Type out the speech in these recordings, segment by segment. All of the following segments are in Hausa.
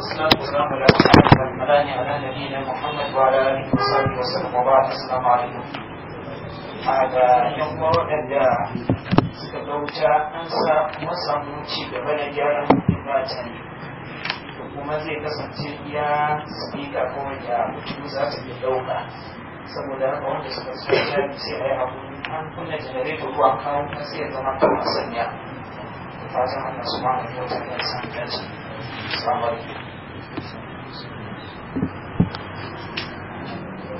والصلاة والسلام على أشرف الأنبياء على نبينا محمد وعلى آله وصحبه وسلم وبعد samu ci gaba da gyaran bukatan da kuma zai kasance iya sabika ko wanda mutum za su iya ɗauka. Saboda haka wanda suka so ya sai a yi abu an kunna janareto ko an kawo sai ya zama kamar sanya. Fatan Allah su ma da kyautar da san dace. Assalamu alaikum.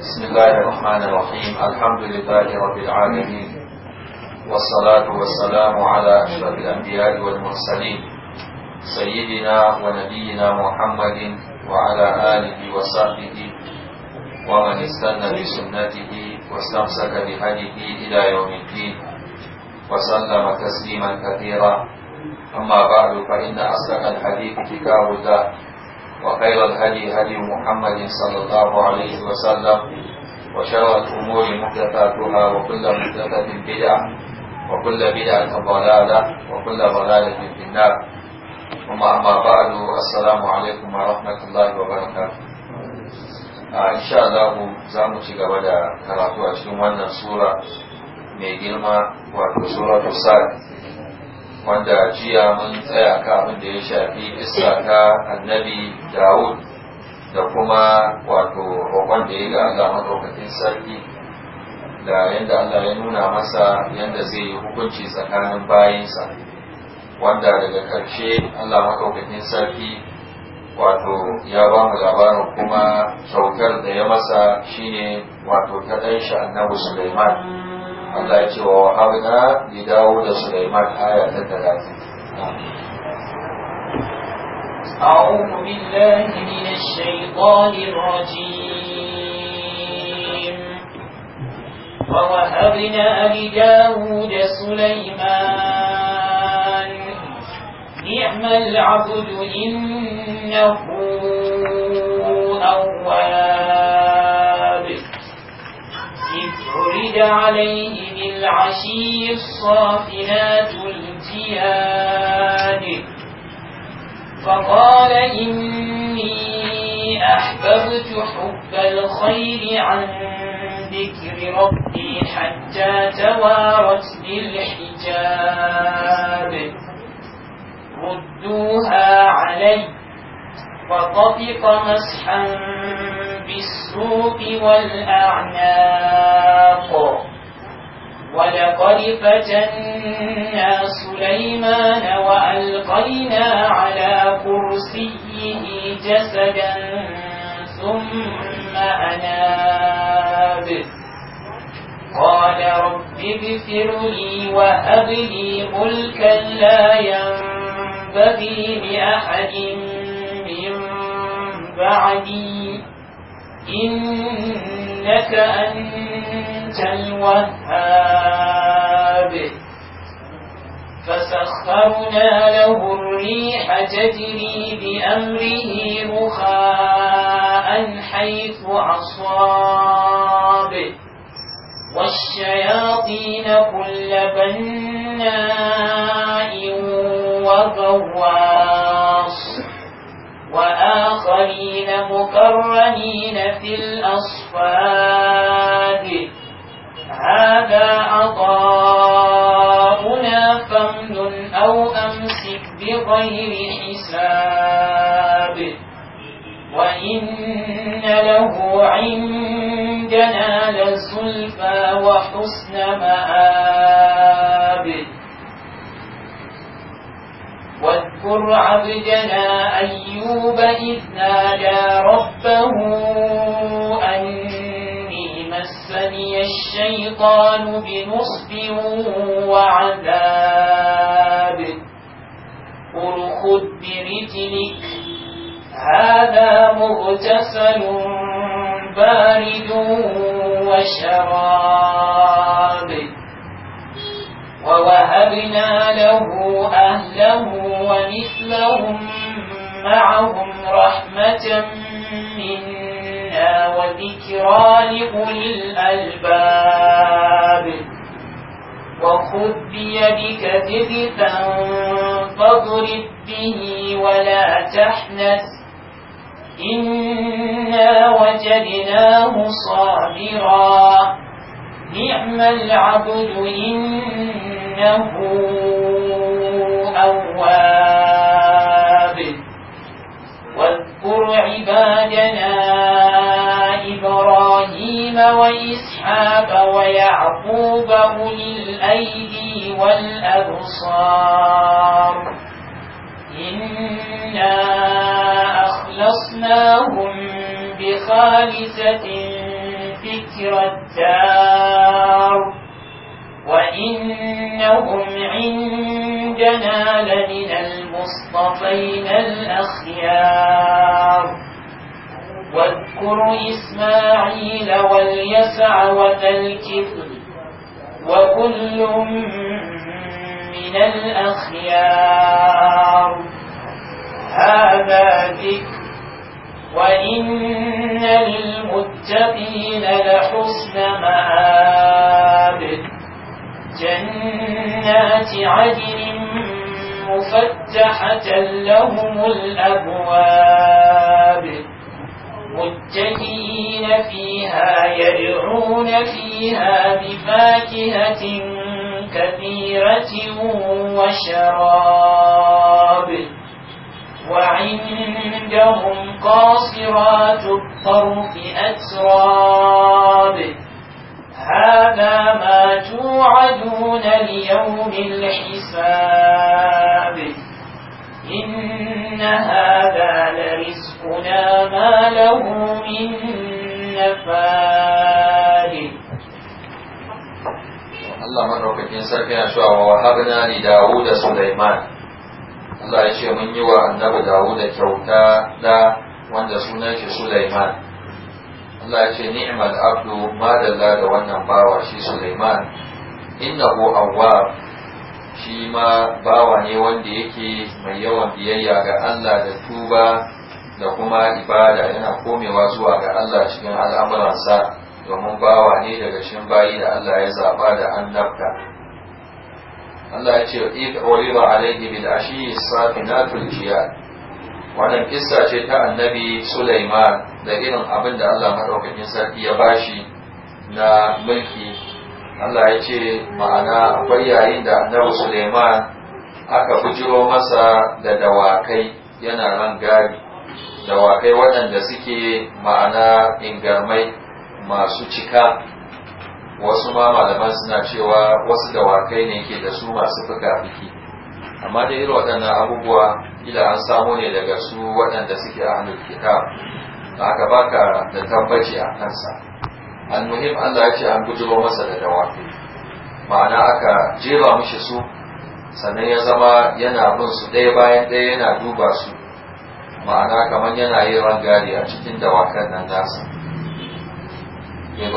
بسم الله الرحمن الرحيم الحمد لله رب العالمين والصلاة والسلام على أشرف الأنبياء والمرسلين سيدنا ونبينا محمد وعلى آله وصحبه ومن استنى بسنته واستمسك بهديه إلى يوم الدين وسلم تسليما كثيرا أما بعد فإن أصدق الحديث كتاب الله wa kaira hadi hadi Muhammad sallallahu alaihi wa sallam wa shara umuri bid'a wa bid'a tabalala wa kullu balala bil bid'a amma amma ba'du assalamu wa rahmatullahi wa barakatuh a za mu ci gaba da karatu a cikin wannan sura mai girma wa suratul sa'i wanda jiya mun tsaya ka abin da ya shafi isa ta annabi dawud da kuma wato roƙon da ya ga Allah maɗaukakin sarki da yadda Allah ya nuna masa yadda zai yi hukunci tsakanin bayinsa. wanda daga ƙarshe Allah maɗaukakin sarki wato ya ba mu labarin kuma kyautar da ya masa shine wato ta ɗanshi annabi Sulaiman Allah ce wa wahabna da Sulaiman aya ta 30 أعوذ بالله من الشيطان الرجيم ووهبنا لداود سليمان نعم العبد إنه أواب وعرض عليه بالعشي الصافنات الجياد فقال إني أحببت حب الخير عن ذكر ربي حتى توارت بالحجاب ردوها علي وطفق مسحا السوق والأعناق ولقد فتنا سليمان وألقينا على كرسيه جسدا ثم أناب قال رب اغفر لي وهب لي ملكا لا ينبغي لأحد من بعدي إنك أنت الوهاب فسخرنا له الريح تجري بأمره رخاء حيث أصاب والشياطين كل بناء وغواب مقرنين في الأصفاد هذا عطاؤنا فامنن أو أمسك بغير حساب وإن له عندنا لزلفى وحسن مآب واذكر عبدنا أي أيوب إذ نادى ربه أني مسني الشيطان بنصب وعذاب قل خذ برجلك هذا مغتسل بارد وشراب ووهبنا له أهله ومثلهم معهم رحمة منا وذكرى لأولي الألباب وخذ بيدك تذفا فاضرب به ولا تحنث إنا وجدناه صابرا نعم العبد إنه أواب واذكر عبادنا إبراهيم وإسحاق ويعقوب أولي الأيدي والأبصار إنا أخلصناهم بخالصة ذكر الدار وإنهم عند زوجنا لمن المصطفين الأخيار واذكر إسماعيل واليسع وتلكف وكل من الأخيار هذا ذكر وإن للمتقين لحسن مآب جنات عدن مفتحة لهم الأبواب متكئين فيها يدعون فيها بفاكهة كثيرة وشراب وعندهم قاصرات الطرف أتراب هذا ما توعدون ليوم الحساب إن هذا لرزقنا ما له من نفاد Allah madaukakin sarki yana cewa wa wahabna li Dawud da Sulaiman Allah ya ce mun yi wa annabi Dawud da kyauta da wanda sunan shi Sulaiman Allah ya ce ni'mal abdu madalla da wannan bawa shi Sulaiman innahu awwab shi ma bawa ne wanda yake mai yawan biyayya ga Allah da tuba da kuma ibada yana komewa zuwa ga Allah cikin al'amuransa domin bawa ne daga cikin bayi da Allah ya zaba da annabta Allah ya ce id uriba alayhi bil ashi safinatul jiyad wannan kissa ce ta annabi Sulaiman da irin abin da Allah madaukakin sarki ya bashi na mulki Allah ya ce ma'ana akwai yayin da annabi Sulaiman aka bujiro masa da dawakai yana ran gari dawakai waɗanda suke ma'ana ingarmai masu cika wasu ma malaman suna cewa wasu dawakai ne ke da su masu fuka-fiki amma dai irin waɗannan abubuwa ila an samu ne daga su waɗanda suke a hannun kitab da haka baka da tambaci a kansa An muhim Allah ya ce an gujiro masa da dawafi ma'ana aka jera mushi su sannan ya zama yana bin su ɗaya bayan ɗaya yana duba su ma'ana kamar yana yi rangari a cikin dawakan nan nasa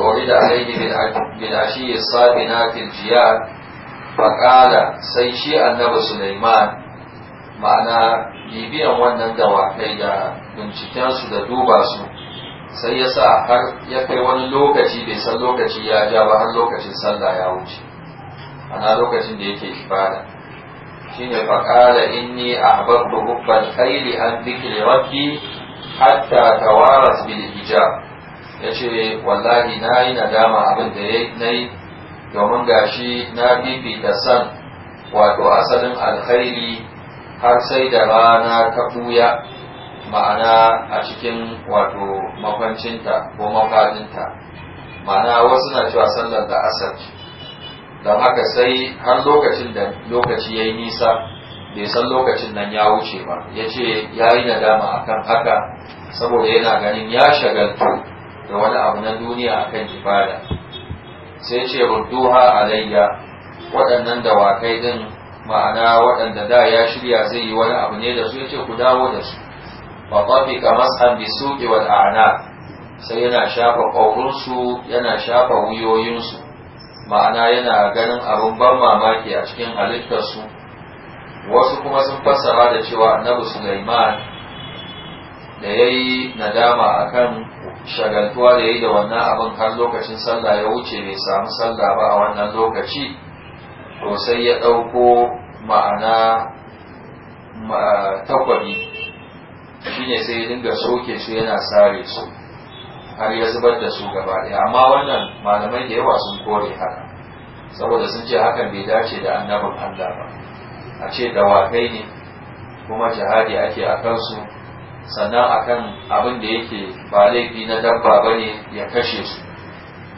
wani da alaihi bin ashiyi sabina fil jiyar faƙala sai shi annabi Sulaiman ma'ana bibiyan wannan dawakai da bincikensu da duba su sai ya sa har ya kai wani lokaci bai san lokaci ya ja ba har lokacin sallah ya wuce ana lokacin da yake ibada ne faƙala inni babu hubbal kaili an dhikri rabbi hatta tawaras bil hijab yace wallahi nayi nadama abin da yi. domin gashi na da san wato asalin alkhairi har sai da rana ta buya, ma'ana a cikin wato makwancinta ko mafadinta, ma'ana wasu na cewa sallar da asar don haka sai har lokacin da lokaci ya yi nisa bai san lokacin nan ya wuce ba ya ce ya yi nadama kan haka saboda yana ganin ya shagaltu da wani abu na duniya a kan ibada sai ce rudduha alayya waɗannan dawakai din ma'ana waɗanda da ya shirya zai yi wani abu ne da su yace ku dawo da su fa tafiqa mas'an bi suqi wal ana. sai yana shafa ƙaurinsu yana shafa wuyoyinsu ma'ana yana ganin abin ban mamaki a cikin halittarsu wasu kuma sun fassara da cewa annabi Sulaiman da ya yi nadama a kan shagaltuwa da yi da wannan abin har lokacin sallah ya wuce bai samu sallah ba a wannan lokaci to sai ya ɗauko ma'ana takwabi ne sai ya dinga soke su yana sare su har ya zubar da su gaba ɗaya amma wannan malamai da yawa sun kore haka saboda sun ce hakan bai dace da annabin Allah ba a ce dawakai ne kuma jihadi ake a kansu sannan akan abin da yake ba laifi na dabba ba ne ya kashe su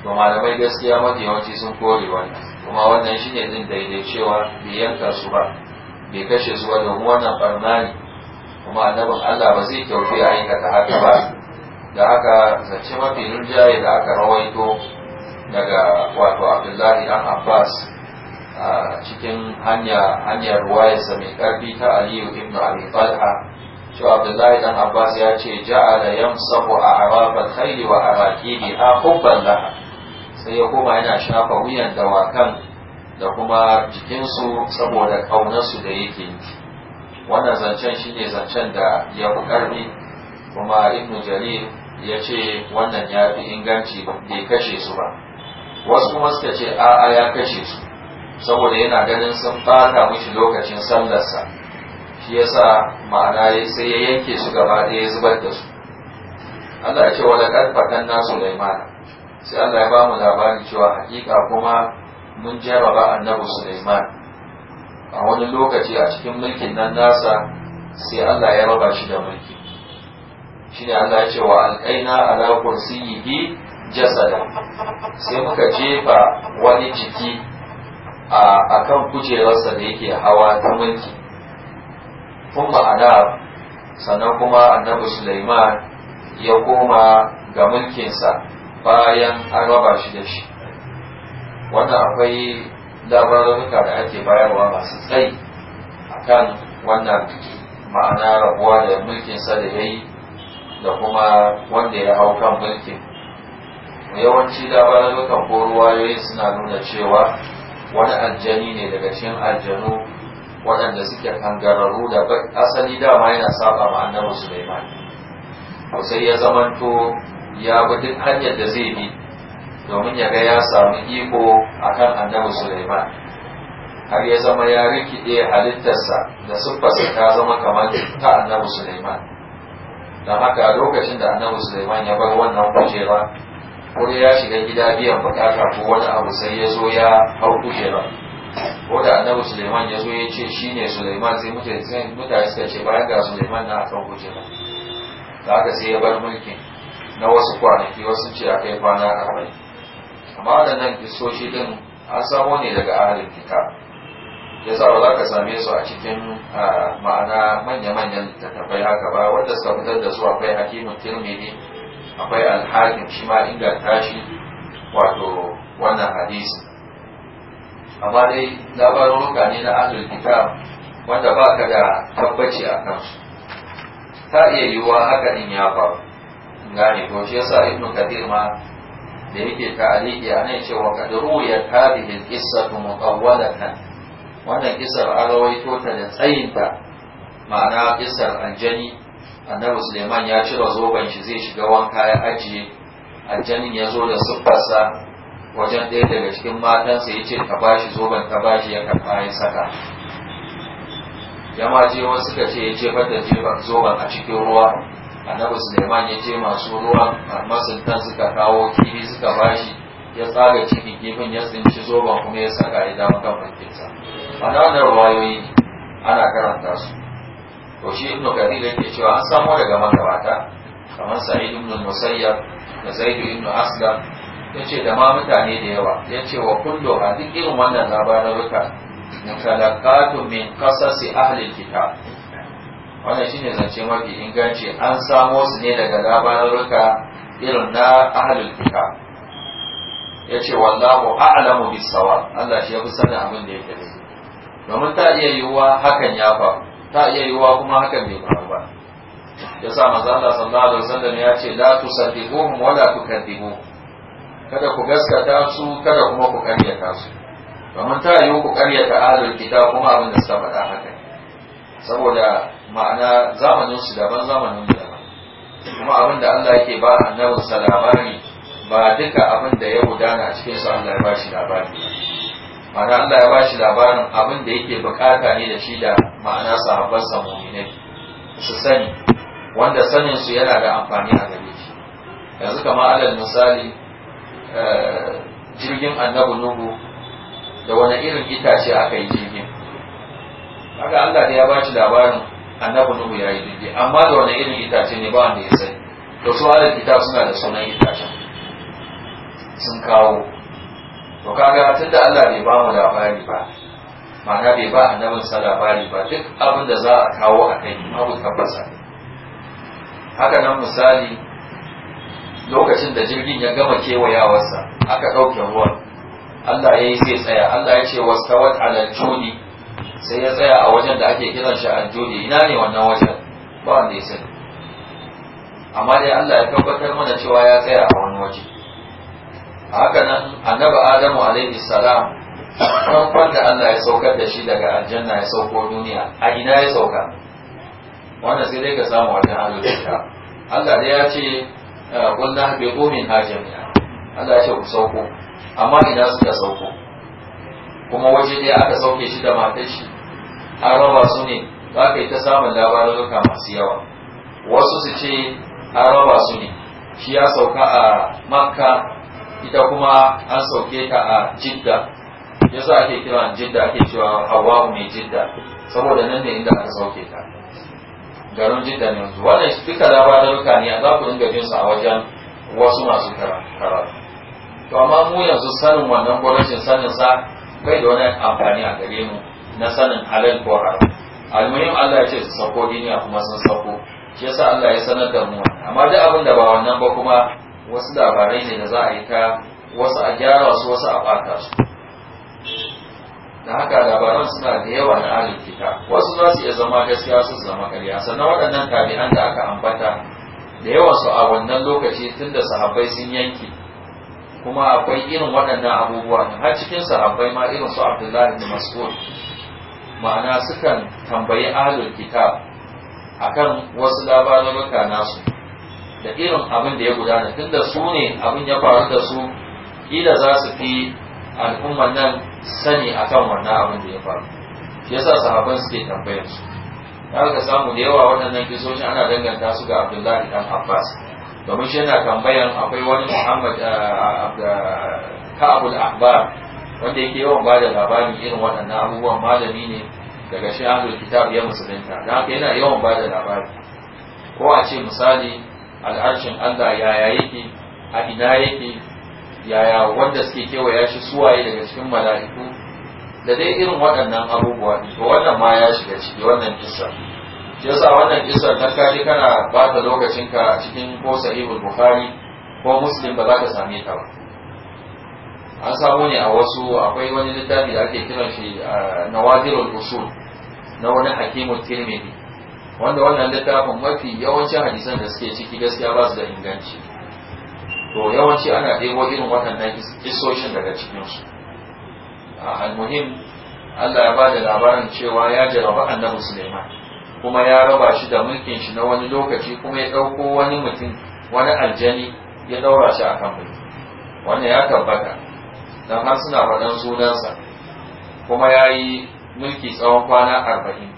to malamai gaskiya mafi yawanci sun kore wannan kuma wannan shine zin daidai cewa bai yanka su ba bai kashe su ba domin wannan barna ne kuma annabin Allah ba zai kyautu ya aikata haka ba da haka zance mafi rinjaye da aka rawaito daga wato Abdullahi dan Abbas a cikin hanya hanyar ruwayarsa mai karfi ta Aliyu ibn Abi Talha cewa abdullahi dan abbas ya ce ja'ala yamsahu a arafat khayli wa araqibi a hubban laha sai ya koma yana shafa wuyan dawakan da kuma jikinsu saboda kaunarsu da yake wannan zancen shine zancen da ya fi ƙarfi, kuma ibnu jarir ya ce wannan ya fi inganci bai kashe su ba wasu kuma suka ce a'a ya kashe su saboda yana ganin sun ɓata mishi lokacin sallarsa shi yasa ma'ana sai ya yanke su gaba ɗaya ya zubar da su Allah ya ce wa laqad na Sulaiman sai Allah ya ba mu labarin cewa hakika kuma mun jarraba annabi Sulaiman a wani lokaci a cikin mulkin nan nasa sai Allah ya raba shi da mulki shine Allah ya ce wa alqaina ala bi jasada sai muka jefa wani jiki a kan kujerarsa da yake hawa ta mulki thumma ana sannan kuma annabi Sulaiman ya koma ga mulkinsa bayan an shi da shi wannan akwai labaruka da ake bayarwa masu tsayi akan wannan ma'ana rabuwa da mulkinsa da ya yi da kuma wanda ya hau kan mulkin yawanci labarukan ko ruwayoyi suna nuna cewa wani aljani ne daga cikin aljanu waɗanda suke kangararru da asali dama yana saba ma annabi Sulaiman to sai ya zamanto ya bi duk hanyar da zai bi domin ya ga ya samu iko akan annabi Sulaiman har ya zama ya rikide halittarsa da siffarsa ta zama kamar ta annabi Sulaiman don haka lokacin da annabi Sulaiman ya bar wannan kujera ko ya shiga gida biyan bukata ko wani abu sai ya zo ya hau kujera ko da annabi suleiman ya zo ya ce shi ne suleiman sai mutane sai suka ce bayan ga suleiman na akan kujera da haka sai ya bar mulki? na wasu kwanaki wasu ce a kai kwana arba'in amma waɗannan kisoshi din an samo ne daga ahalin kita ya sa ba za ka same su a cikin ma'ana manya-manyan tattafai haka ba wanda suka fitar da su akwai ne tirmidhi akwai alhakim shi ma inganta shi wato wannan hadisi amma dai labarurruka ne na ahlul kitab wanda ba ka da tabbaci a kansu ta iya yiwuwa haka din ya faru gane ko shi yasa ibnu kadir ma da yake ta'aliki a nan cewa kad ruya hadhihi al-qissatu mutawwalatan wannan kisar an rawaito ta da tsayinta ma'ana kisar aljani annabi suleiman ya cire zoben shi zai shiga wanka ya ajiye aljanin ya zo da siffarsa wajen ɗaya daga cikin matansa ya ce ta bashi zoben ta bashi ya karɓa ya saka yama je wani suka ce ya jefar da zoben a cikin ruwa annabi suleiman ya je masu ruwan masuntan suka kawo kifi suka bashi ya tsaga ciki kifin ya tsinci zoben kuma ya saka ya dama kan bakinsa ana wannan ruwayoyi ana karanta su to shi ibnu kathir yake cewa an samo daga magabata kamar sa'id ibn musayyab da zaid ibn aslam Ya ce da ma mutane da yawa ya ce wa kullu a duk irin wannan labarurruka mutalaqatu min qasasi ahli kitab wannan shine zance mafi inganci an samo su ne daga labarurruka irin na ce, kitab yace wallahu a'lamu bis Allah shi ya fi sanin abin da yake ne domin ta iya yiwuwa hakan ya faru ta iya yiwuwa kuma hakan bai faru ba Ya manzo Allah sallallahu alaihi wasallam ya ce la tusaddiquhum wa la tukadibuhum kada ku gaskata su kada kuma ku karyata su domin ta yiwu ku karyata ahlul kitab kuma abin da suka faɗa haka saboda ma'ana zamanin su daban zamanin daban kuma abin da Allah yake ba annabin sa labari ba duka abin da ya gudana a cikin su Allah ya ba shi labari ma'ana Allah ya ba shi labarin abin da yake bukata ne da shi da ma'ana sa mu'minai su sani wanda sanin su yana da amfani a gare shi yanzu kamar alal misali Eh, jirgin annabu nuhu da wani irin itace aka yi jirgin haka Allah ne ya ba labarin annabi nuhu ya yi jirgin amma da wani irin itace ne ba wanda ya sai Da su alal kitab suna da sunan itacen sun kawo to kaga tunda Allah bai ba mu labari ba ma'ana bai ba annabin sa labari ba duk abin da za a kawo a kai babu tabbasa haka nan misali lokacin da jirgin ya gama kewayawarsa aka ɗauke ruwan Allah ya yi sai tsaya Allah ya ce wastawat alal judi sai ya tsaya a wajen da ake kiran shi al judi ina ne wannan wajen ba wanda ya sani amma dai Allah ya tabbatar mana cewa ya tsaya a wani waje haka nan annabi Adamu alaihi salam farkon da Allah ya saukar da shi daga aljanna ya sauko duniya a ina ya sauka wannan sai dai ka samu wajen halittar Allah da ya ce Eh, wanda bai gomin hajjar Allah ce ku sauko amma ina suka sauko kuma waje ɗaya aka sauke shi da matan shi an raba su ne za ka yi ta samun labarurruka masu yawa wasu su ce an raba su ne shi ya sauka a makka ita kuma an sauke ta a jidda yasa ake kiran jidda ake cewa hawa mai jidda saboda nan ne inda aka sauke ta garin jiddan yanzu wannan duka da ne za ku dinga jin su a wajen wasu masu karatu to amma mu yanzu sanin wannan gwamnatin sanin sa kai da wani amfani a gare mu na sanin halal ko haram almuhim Allah ya ce su sako duniya kuma sun sako shi yasa Allah ya sanar da mu amma duk abin da ba wannan ba kuma wasu labarai ne da za a yi ta wasu a gyara su wasu a ɓata su da haka labaran suna da yawa na ahli kita wasu za su iya zama gaskiya su zama karya sannan waɗannan tabi'an da aka ambata da yawan su a wannan lokaci tun da sahabbai sun yanki kuma akwai irin waɗannan abubuwa har cikin sahabbai ma irin su abdullahi bin mas'ud ma'ana sukan tambayi alin kitab akan wasu labaruka nasu da irin abin da ya gudana tunda su ne abin ya faru da su kila za su fi al'umman nan sani akan wannan abin da ya faru shi yasa sahabban suke tambayar su ka samu da yawa waɗannan kisoshi ana danganta su ga abdullahi dan abbas domin shi yana tambayan akwai wani muhammad eh, ka'abul ahbar wanda yake yawan ba da labarin irin waɗannan abubuwan malami ne daga shi ahlul kitab ya musulunta da haka yana yawan ba da labari ko a ce misali al'arshin allah yaya yake a ina yake yaya wanda suke kewaya shi suwaye daga cikin mala'iku da dai irin waɗannan abubuwa to wannan ma ya shiga ciki wannan kissa shi yasa wannan kissa ta kaje kana ba ta lokacin ka a cikin ko sahihul bukhari ko muslim ba za ka same ta ba an samu ne a wasu akwai wani littafi da ake kiran shi al usul na wani hakimul tirmidhi wanda wannan littafin mafi yawancin hadisan da suke ciki gaskiya ba su da inganci to yawanci ana ɗebo irin waɗannan isoshin daga cikinsu ah, almuhim Allah ya ba da labarin cewa ya jaraba annabi Suleiman kuma ya raba shi da mulkin shi na wani lokaci kuma ya ɗauko wani mutum wani aljani ya ɗaura shi a kan mulki wannan ya tabbata don har suna faɗan sunansa kuma ya yi mulki tsawon kwana arba'in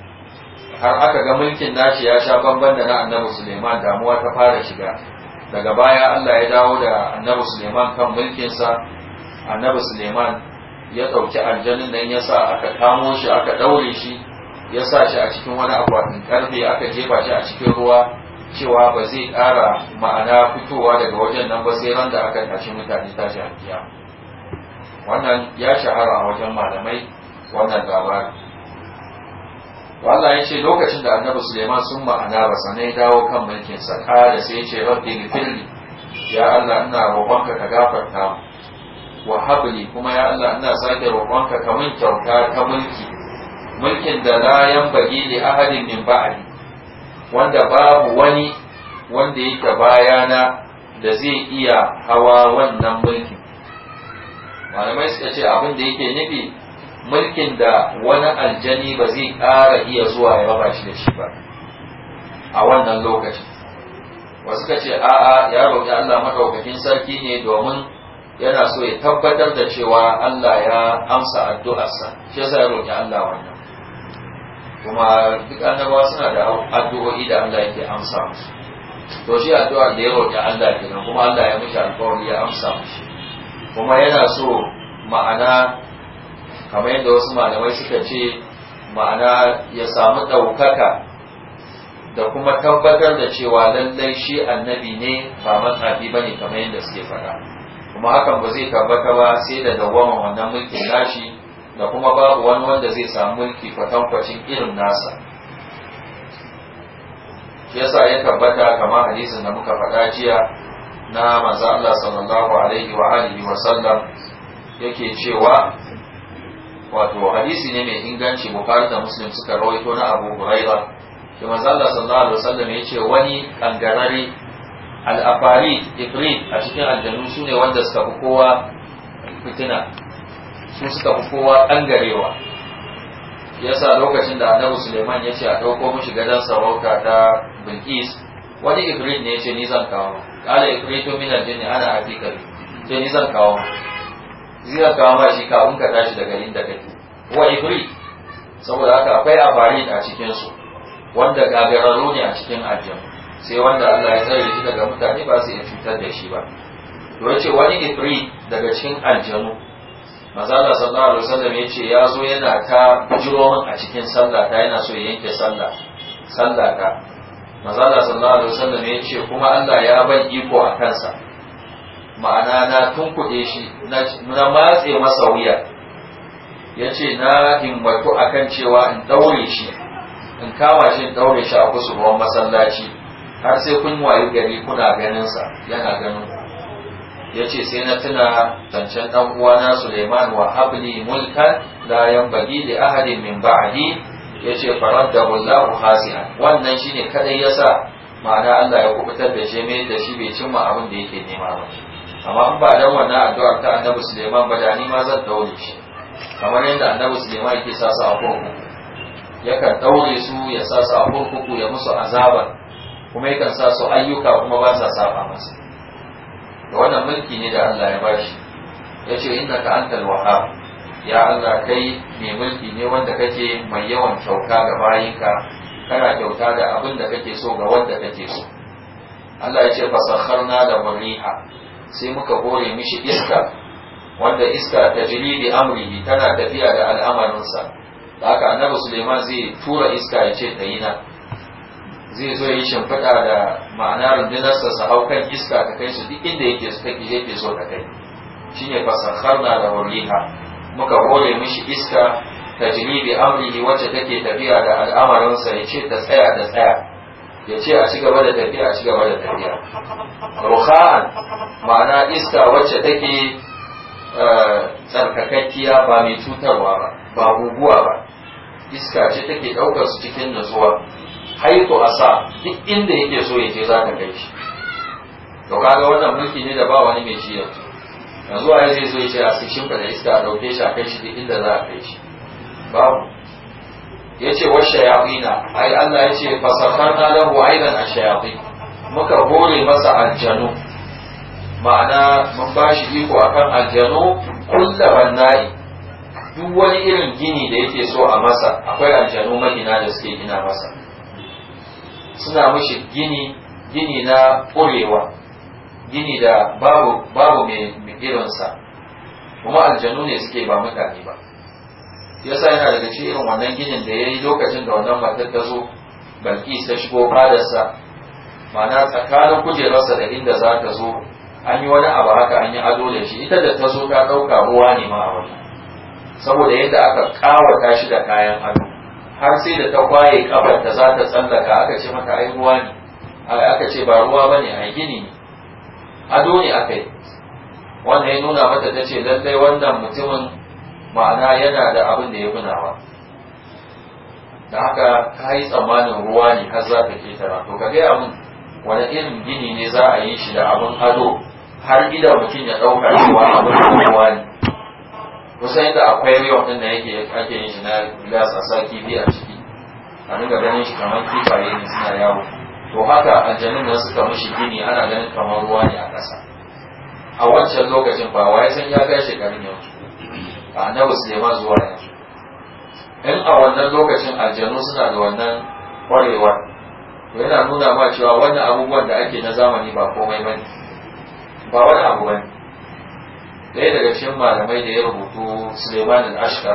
har aka ga mulkin nashi ya sha bamban da na annabi Suleiman damuwa ta fara shiga daga baya Allah ya dawo da annabi Suleiman kan mulkin sa. annabi Suleiman ya ɗauki aljanin nan ya sa aka kamo shi aka ɗaure shi ya sa shi a cikin wani akwatin karfe aka jefa shi a cikin ruwa cewa ba zai ƙara ma'ana fitowa daga wajen nan ba sai ran da aka tashi mutane tashi hankiya wannan ya shahara a wajen malamai wannan labari to ya ce lokacin da annabi Suleiman sun ma'ana ba sanai dawo kan mulkin sa kada sai ya ce rabbi gfirli ya Allah ina roƙonka ka gafarta wa habli kuma ya Allah ina sake roƙonka ka mun kyauta ka mulki mulkin da la yanbaghi li ahadin min ba'di wanda babu wani wanda yake bayana da zai iya hawa wannan mulki malamai suka ce abin da yake nufi mulkin da wani aljani ba zai ƙara iya zuwa ya raba shi da shi ba a wannan lokaci wasu ka ce a'a ya roƙi Allah maɗaukakin sarki ne domin yana so ya tabbatar da cewa Allah ya amsa addu'arsa shi yasa ya roƙi Allah wannan kuma duk annabawa suna da addu'o'i da Allah yake amsa musu to shi addu'ar da ya roƙi Allah kenan kuma Allah ya mishi alƙawari ya amsa musu. kuma yana so ma'ana kamar yadda wasu malamai suka ce ma'ana ya samu ɗaukaka da kuma tabbatar da cewa lallai shi annabi ne ba matsafi ba ne kamar yadda suke faɗa kuma hakan ba zai tabbata ba sai da dawama wannan mulkin nashi da kuma babu wani wanda zai samu mulki kwatankwacin irin nasa yasa ya tabbata kamar hadisin da muka faɗa jiya na manzo Allah sallallahu alaihi wa alihi wa sallam yake cewa wato hadisi ne mai inganci bukari da muslim suka rawaito na abu huraira da manzo Allah sallallahu alaihi wasallam ya ce wani kangarare al-afari ifrit a cikin aljannu sune wanda suka fi kowa fitina su suka fi kowa kangarewa yasa lokacin da annabi suleiman ya ce a ɗauko mishi gadon sarauta ta bilkis wani ifrit ne ya ce ni zan kawo ala to min aljinni ana afikari ce ni zan kawo zira kawo ma shi kafin ka tashi daga inda kake wa ibri saboda haka akwai afarit a cikin su wanda gagararru ne a cikin aljan sai wanda Allah ya tsare shi daga mutane ba su iya cutar da shi ba to yace wani ibri daga cikin aljanu mazalla sallallahu alaihi wasallam yace ya zo yana ta jiro a cikin sallah ta yana so ya yanke sallah sallah ta mazala sallallahu alaihi wasallam yace kuma Allah ya ban iko a kansa ma'ana na tunkuɗe shi na matse masa wuya ya ce na himmatu kan cewa in ɗaure shi in kama shi in ɗaure shi a kusurwan masallaci har sai kun wayi gari kuna ganinsa yana ganin ku ya ce sai na tuna tancan ɗan uwana suleiman wa habli mulkan la yanbaghi da ahadin min ba'di ya ce faraddahu Allahu a wannan shine kadai yasa ma'ana Allah ya kubutar da shi mai da shi bai cimma abin da yake nema ba amma in ba dan wannan addu'ar ta annabi Suleiman ba da ni ma zan daure shi kamar yadda annabi Suleiman yake sa su a kurkuku yakan daure su ya sa su a kurkuku ya musu azaba kuma yakan sa su ayyuka kuma ba sa saba masa da wannan mulki ne da Allah ya bashi yace ka antal wahhab ya Allah kai mai mulki ne wanda kake mai yawan kyauta ga bayinka kana kyauta da abin da kake so ga wanda kake so Allah ya ce fasakharna da riha sai muka hore mishi iska wanda iska ta jiri bi tana tafiya da al'amarinsa da haka annabi suleiman zai tura iska ya ce tayi zai zo yi shimfiɗa da ma'ana rundunarsa su hau kan iska ta kai su duk inda yake su take yake so ta kai shine fasakar na da wurliha muka hore mishi iska ta jiri bi amrihi wacce take tafiya da al'amarinsa ya ce ta tsaya da tsaya ya ce a ci gaba da tafiya a ci gaba da tafiya ruhan ma'ana iska wacce take eh, tsarkakakkiya ba mai cutarwa ba ba guguwa ba iska ce take ɗaukar su cikin nutsuwa haiku a sa duk inda yake so ya ce za ta kai shi to kaga wannan mulki ne da ba wani mai shi yanzu yanzu a zai zo ya ce a su shimfa da iska a ɗauke shi a kai shi duk inda za a kai shi babu yace wa shayatina ai Allah yace fasakarna lahu aidan ashayatin muka hore masa aljanu ma'ana mun bashi iko akan aljanu kullu bannai duk wani irin gini da yake so a masa akwai aljanu magina da suke gina masa suna mushi gini gini na ƙurewa gini da babu babu mai irinsa kuma aljanu ne suke ba mutane ba yasa yana daga cikin irin wannan ginin da ya yi lokacin da wannan matar ta zo balki ta shigo fadarsa ma'ana tsakanin kujerarsa da inda za ta zo an yi wani abu haka an yi ado da shi ita da ta zo ta ɗauka ruwa ne ma a wani saboda yadda aka ƙawata shi da kayan ado har sai da ta kwaye ƙafar da za ta tsallaka aka ce mata ai ruwa ne aka ce ba ruwa ba ne ai gini ne ado ne aka yi wannan ya nuna mata ta ce lallai wannan mutumin ma'ana yana da abin da ya fi nawa da haka ka yi tsammanin ruwa ne har za ka ketara to ka gaya min wani irin gini ne za a yi shi da abin ado har gida mutum ya ɗauka cewa abin ruwa ne kusan yadda akwai riyon ɗin da yake ake yin shi na gilas a sa kifi a ciki a dinga ganin shi kamar kifaye ne suna yawo to haka aljanun nan suka mishi gini ana ganin kamar ruwa ne a ƙasa a wancan lokacin ba wai san ya kai shekarun yanzu annabi Suleiman zuwa yanzu in a wannan lokacin aljanu suna da wannan kwarewa, to yana nuna ma cewa wannan abubuwan da ake na zamani ba komai bane ba wani abu bane ɗaya daga cikin malamai da ya rubutu Suleiman al ashka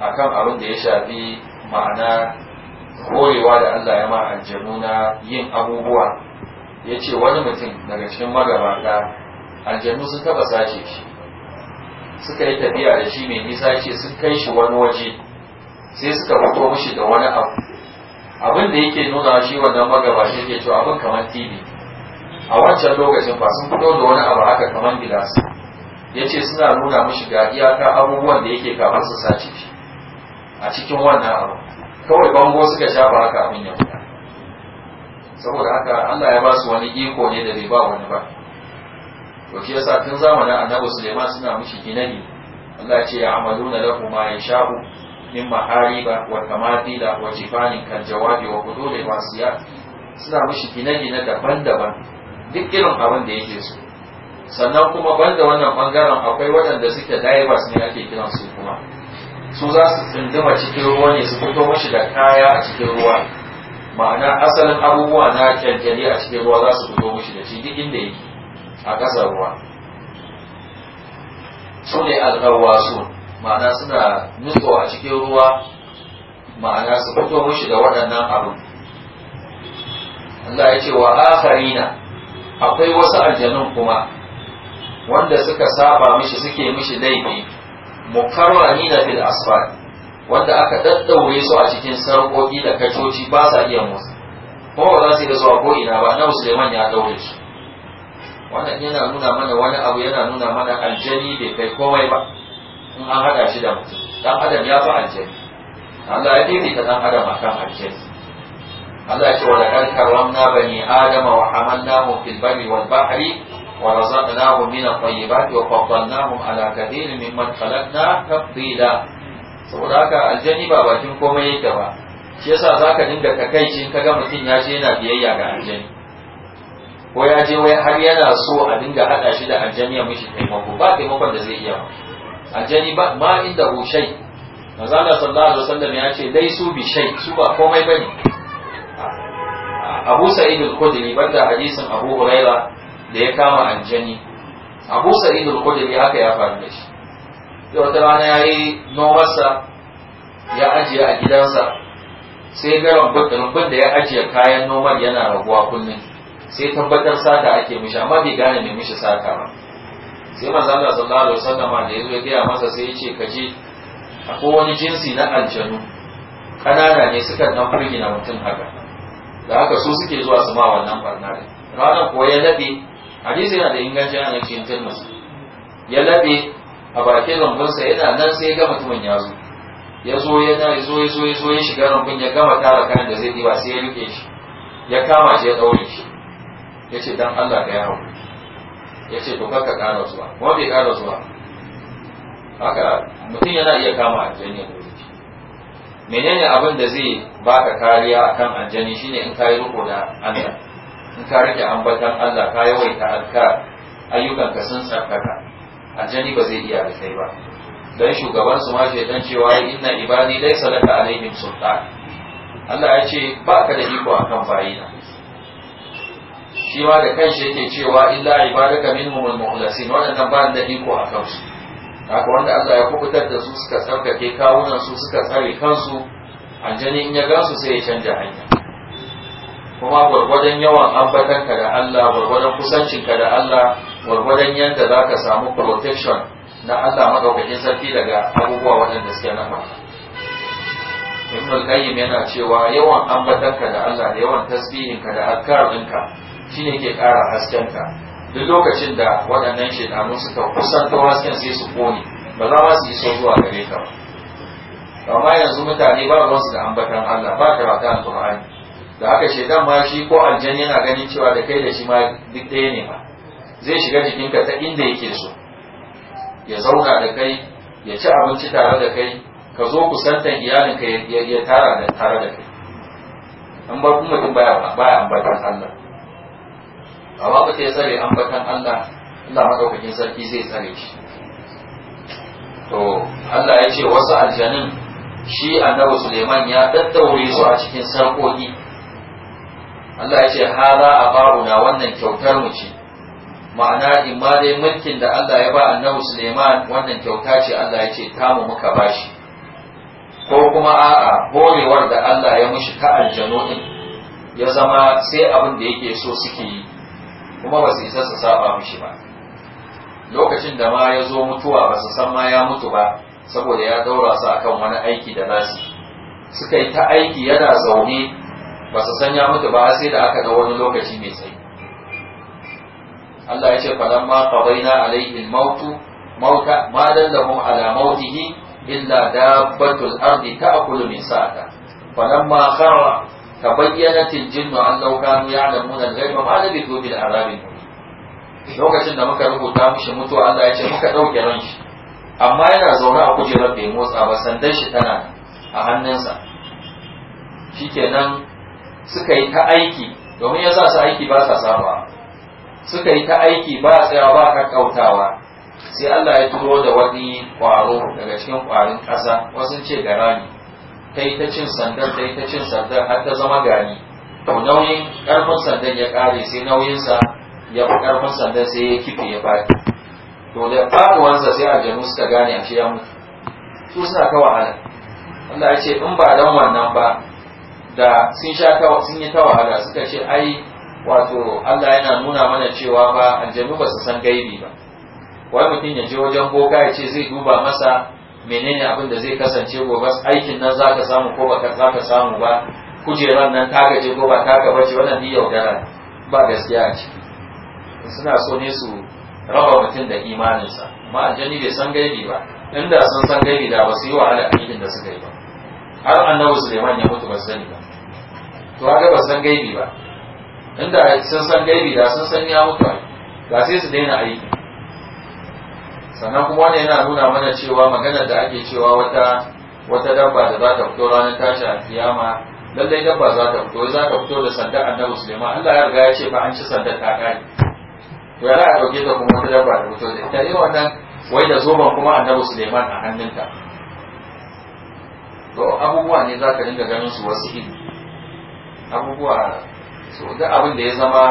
akan abin da ya shafi ma'ana korewa da Allah ya ma aljanu na yin abubuwa ya ce wani mutum daga cikin magabata aljanu sun taba sace shi suka yi tafiya da shi mai nisa ce sun kai shi wani waje sai suka fito mushi da wani abu abin da yake nuna shi wannan magabashi ke cewa abin kamar tv a wancan lokacin ba sun fito da wani abu haka kamar gilas ya ce suna nuna mushi ga iyaka abubuwan da yake kafin su sace shi a cikin wannan abu kawai bango suka shafa haka abin ya saboda haka allah ya ba su wani iko ne da bai ba wani ba to shi yasa tun zamanin annabi Sulaiman suna mishi ginani Allah ce ya amalu na lahu ma yasha'u min mahariba wa tamadila wa jifanin kan jawabi wa hudulil wasiyat suna miki gine na daban-daban duk irin abin da yake so sannan kuma banda wannan bangaren akwai waɗanda suke divers ne ake kiran su kuma su za su tsinduma cikin ruwa ne su fito mashi da kaya a cikin ruwa ma'ana asalin abubuwa na kyankyani a cikin ruwa za su fito mashi da shi duk inda yake a ƙasar ruwa su ne su ma'ana suna nutso a cikin ruwa ma'ana su fito mushi da waɗannan abu Allah ya ce wa akharina akwai wasu aljanun kuma wanda suka saba mishi suke mishi laifi mukarrani na fil asfar wanda aka daddaure su a cikin sarƙoƙi da kacoci ba sa iya motsi kuma ba za su yi da su a ko'ina ba na musulman ya daure su wannan yana nuna mana wani abu yana nuna mana aljani bai kai komai ba in an hada shi da mutum dan adam ya fi aljani Allah ya ta dan adam akan aljani Allah ya ce wa kan karramna bani adama wa hamalnahum fil barri wal bahri wa razaqnahum min at-tayyibati wa faddalnahum ala kathirin mimman khalaqna tafdila saboda haka aljani ba bakin komai yake ba shi yasa zaka dinga kakaicin kaga mutum ya ce yana biyayya ga aljani ko ya je wai har yana so a dinga hada shi da aljani ya mishi taimako ba taimakon da zai iya ba aljani ba ma inda hushai manzala sallallahu alaihi wasallam ya ce dai su bi shai su ba komai bane Abu Sa'id al-Khudri banda hadisin Abu Huraira da ya kama aljani Abu Sa'id al-Khudri haka ya faru da shi yau wata rana yi nomarsa ya ajiye a gidansa sai ga rumbun da ya ajiye kayan nomar yana raguwa kullum sai tabbatar saka ake mishi amma bai gane mai mishi saka ba sai manzo Allah sallallahu alaihi wasallam da yazo ya gaya masa sai ya ce ka je akwai wani jinsi na aljanu kanana ne suka dan na mutum haka da haka su suke zuwa su ma wannan barna ne ranar ko ya labe hadisi yana da inganci a nan cikin tilmas ya labe a bakin rumbunsa yana nan sai ya ga mutumin ya zo ya zo ya da ya zo ya zo ya zo ya shiga rumbun ya gama tara kayan da zai diba sai ya rike shi ya kama shi ya daure shi ya ce don Allah ka hau ya ce to ka ƙara zuwa kuma bai ƙara zuwa haka mutum yana iya kama aljani da jiki menene abin da zai baka kariya akan aljani shine in kayi riko da Allah in ka rike ambatan Allah ka yawaita ayyukan ka sun tsarkaka aljani ba zai iya da kai ba dan shugaban su ma dan cewa inna ibadi laysa laka alaihim sultan Allah ya ce ba ka da iko akan bayina shi ma da kanshi yake cewa illa ibadaka minhumul mukhlasin waɗannan ba da iko a kansu haka wanda Allah ya kubutar da su suka tsarkake kawunan su suka tsare kansu aljani in ya gansu sai ya canja hanya kuma gwargwadon yawan ambatanka da Allah gwargwadon kusancinka da Allah gwargwadon yadda za ka samu protection na Allah maɗaukakin sarki daga abubuwa waɗanda suke nan ba ibn al-qayyim yana cewa yawan ambatanka da Allah da yawan tasbihinka da azkar ɗinka ne shine kara hasken ka? duk lokacin da waɗannan shedanu suka kusanto hasken sai su kone ba za ba su so zuwa gare ka ba amma yanzu mutane ba su da ambatan Allah ba karatu alqur'ani da haka shedan ma shi ko aljan yana ganin cewa da kai da shi ma duk ɗaya ne ba. zai shiga jikinka ta inda yake so ya zauna da kai ya ci abinci tare da kai ka zo kusantan iyalinka ya tara da kai an ba kuma mutum baya ambatan Allah amma ta ya tsare ambatan Allah Allah madaukakin sarki zai tsare shi to Allah ya ce wasu aljanin shi annabi Suleiman ya daddaure su a cikin sarkoki Allah ya ce hada a na wannan kyautar mu ce ma'ana in ma dai mulkin da Allah ya ba annabi Suleiman wannan kyauta ce Allah ya ce mu muka bashi ko kuma a'a horewar da Allah ya mushi ka aljanu ya zama sai abin da yake so suke yi kuma ba su isa su saba mishi ba lokacin da ma ya zo mutuwa ba su san ma ya mutu ba saboda ya daura su akan wani aiki da zasu suka yi ta aiki yana zaune ba su san ya mutu ba sai da aka ga wani lokaci mai tsayi Allah ya ce falamma qadaina alaihi al-mautu mauta ma dallahu ala mautihi illa dabbatul ardi ta'kulu min sa'ata ma khara ka bayyana tiljin da an lauka nu ya da munan gaiba ma da bil lokacin da muka rubuta mishi mutuwa Allah ya ce muka ɗauke ran shi amma yana zaune a kujerar bai motsa ba sandan shi tana a hannunsa shikenan suka yi ta aiki domin ya sa su aiki ba sa saba suka yi ta aiki ba tsaya ba kakkautawa sai Allah ya turo da wani ƙwaro daga cikin kwarin ƙasa wasu ce garani ta yi ta cin sandar ta yi ta cin sandar har ta zama gari to nauyin karfin sandar ya kare sai nauyinsa ya fi karfin sandar sai ya kife ya faɗi to da sa sai a aljanu suka gane a ya mutu su suna ta wahala Allah ya ce in ba dan wannan ba da sun sha sun yi ta wahala suka ce ai wato Allah yana nuna mana cewa ba aljanu ba su san gaibi ba wai mutum ya je wajen boka ya ce zai duba masa menene abin da zai kasance gobe aikin nan zaka samu ko baka zaka samu ba kujeran nan ta gaje ko ba ta gaba ce wannan ni yaudara ba gaskiya ce ciki suna so ne su raba mutum da imaninsa amma aljani bai san gaibi ba inda sun san gaibi da ba su yi wa aikin da suka yi ba har annabi suleiman ya mutu ba sani ba to haka ba san gaibi ba inda sun san gaibi da sun san ya mutu ba sai su daina aiki sannan kuma wannan yana nuna mana cewa maganar da ake cewa wata wata dabba da za ta fito ranar tashi a kiyama lallai dabba za ta fito za ta fito da sanda annabi Suleiman Allah ya riga ya ce ba an ci sandar ta kai to ya a dauke ta kuma wata dabba da fito da ita ne wannan wai da zoban kuma annabi Suleiman a hannunta to abubuwa ne za ka dinga ganin su wasu iri abubuwa so duk abin da ya zama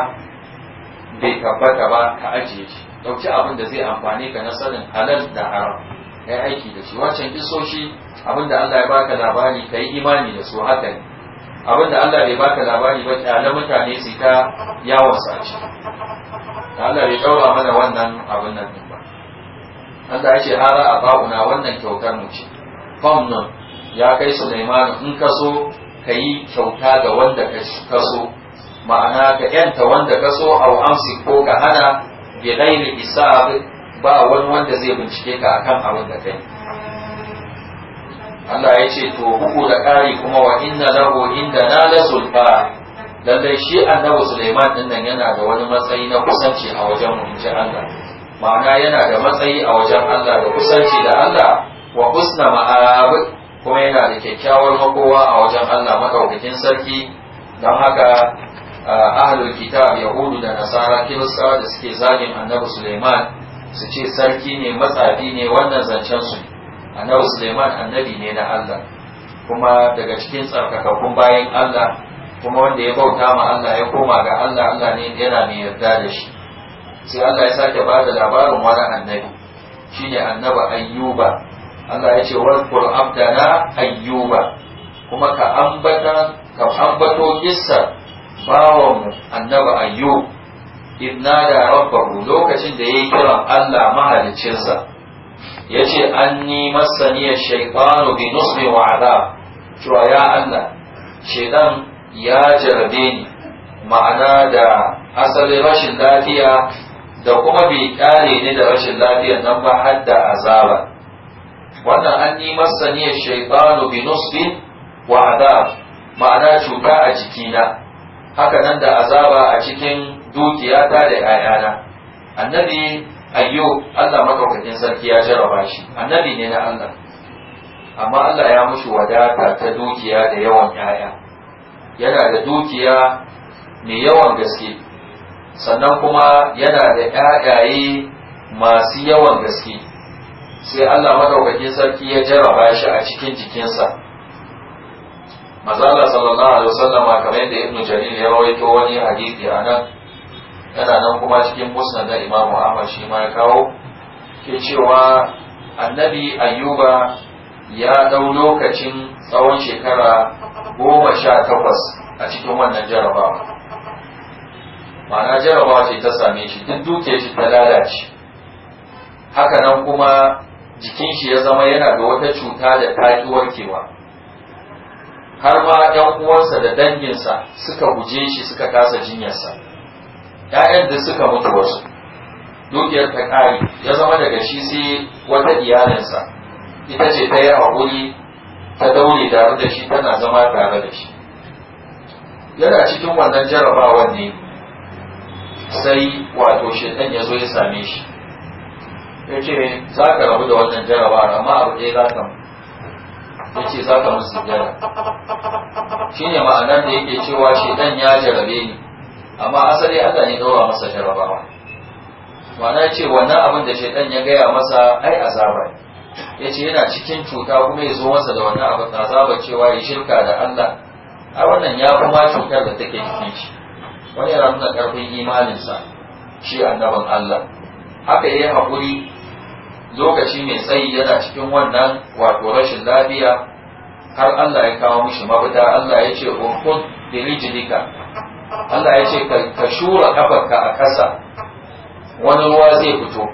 bai tabbata ba ka ajiye shi dauki abin da zai amfane ka na sanin halal da haram kai aiki da shi wancan isoshi abin da Allah ya baka labari kai imani da su haka ne abin da Allah bai baka labari ba kyale mutane su ta yawon sace Allah bai daura mana wannan abin nan ba Allah ya ce hara a ba'una wannan kyautar mu ce famnun ya kai Sulaiman in ka so ka yi kyauta ga wanda ka so ma'ana ka yanta wanda ka so au amsi ko ka hana bi ghairi hisab ba wani wanda zai bincike ka akan abin da kai Allah ya ce to huku da ƙari kuma wa inna lahu inda na la sulfa, lallai shi annabi Sulaiman din nan yana da wani matsayi na kusanci a wajen mu inji Allah ma'ana yana da matsayi a wajen Allah da kusanci da Allah wa husna ma'ab kuma yana da kyakkyawar makowa a wajen Allah madaukakin sarki don haka ahlul kitab yahudu da nasara kiristawa da suke zagin annabi suleiman su ce sarki ne matsafi ne wannan zancen su annabi suleiman annabi ne na allah kuma daga cikin tsarkakakkun bayan allah kuma wanda ya bauta ma allah ya koma ga allah allah ne yana mai yarda da shi sai allah ya sake ba da labarin wani annabi shine annabi ayyuba allah ya ce wal qur'an ayyuba kuma ka ambata ka ambato kissar bawanmu annaba ayyo inna da rabbahu lokacin da ya yi kiran Allah mahalicinsa ya ce an ni bi nusbi wa azab cewa ya Allah shaidan ya jarabe ni ma'ana da asalin rashin lafiya da kuma bai kare ni da rashin lafiya nan ba har da azaba wannan an ni masaniyar shaifanu bi nusbin wa azab ma'ana cuta a jikina haka nan da azaba a cikin dukiyata da 'ya'yana annabi ayyo Allah makaukakin sarki ya jaraba shi annabi ne na Allah amma Allah ya mushi wadata ta dukiya da yawan 'ya'ya yana da dukiya mai yawan gaske sannan kuma yana da 'ya'yaye masu yawan gaske sai Allah makaukakin sarki ya jaraba shi a cikin jikinsa mazala sallallahu alaihi wasallama kamar yadda ibnu jarir ya rawaito wani hadisi a nan yana nan kuma cikin musnad na imamu ahmad shi ma ya kawo ke cewa annabi ayyuba ya dau lokacin tsawon shekara goma sha takwas a cikin wannan jarabawa ma'ana jarabawa ce ta same shi duk duke shi ta lalace haka nan kuma jikin shi ya zama yana da wata cuta da ta warkewa har ma ‘yan uwansa da danginsa suka guje shi suka kasa jinyarsa ‘ya'yan da suka mutu wasu dukiyar ta ƙari ya zama daga shi sai wata iyalinsa ita ce ta yi haƙuri ta daure tare da shi tana zama tare da shi yana cikin wannan jarabawan ne sai wato shaitan ya zo ya same shi ya ce za ka rabu da wannan jarabawar amma abu ɗaya za ka yace za ka musu Shi ne ma'anar da yake cewa dan ya jarabe ni amma asali Allah ne dora masa jarabawa ma'ana ce wannan abin da shedan ya gaya masa ai azaba Ya yace yana cikin cuta kuma ya zo masa da wannan abin azaba cewa ya shirka da Allah a wannan ya kuma cutar da take cikin shi wani ya nuna karfin imaninsa shi annabin Allah haka yayi hakuri lokaci mai tsayi yana cikin wannan wato rashin lafiya har Allah ya kawo mishi mafita Allah ya ce urkun birijlika Allah ya ce ka shura kafarka a ƙasa wani ruwa zai fito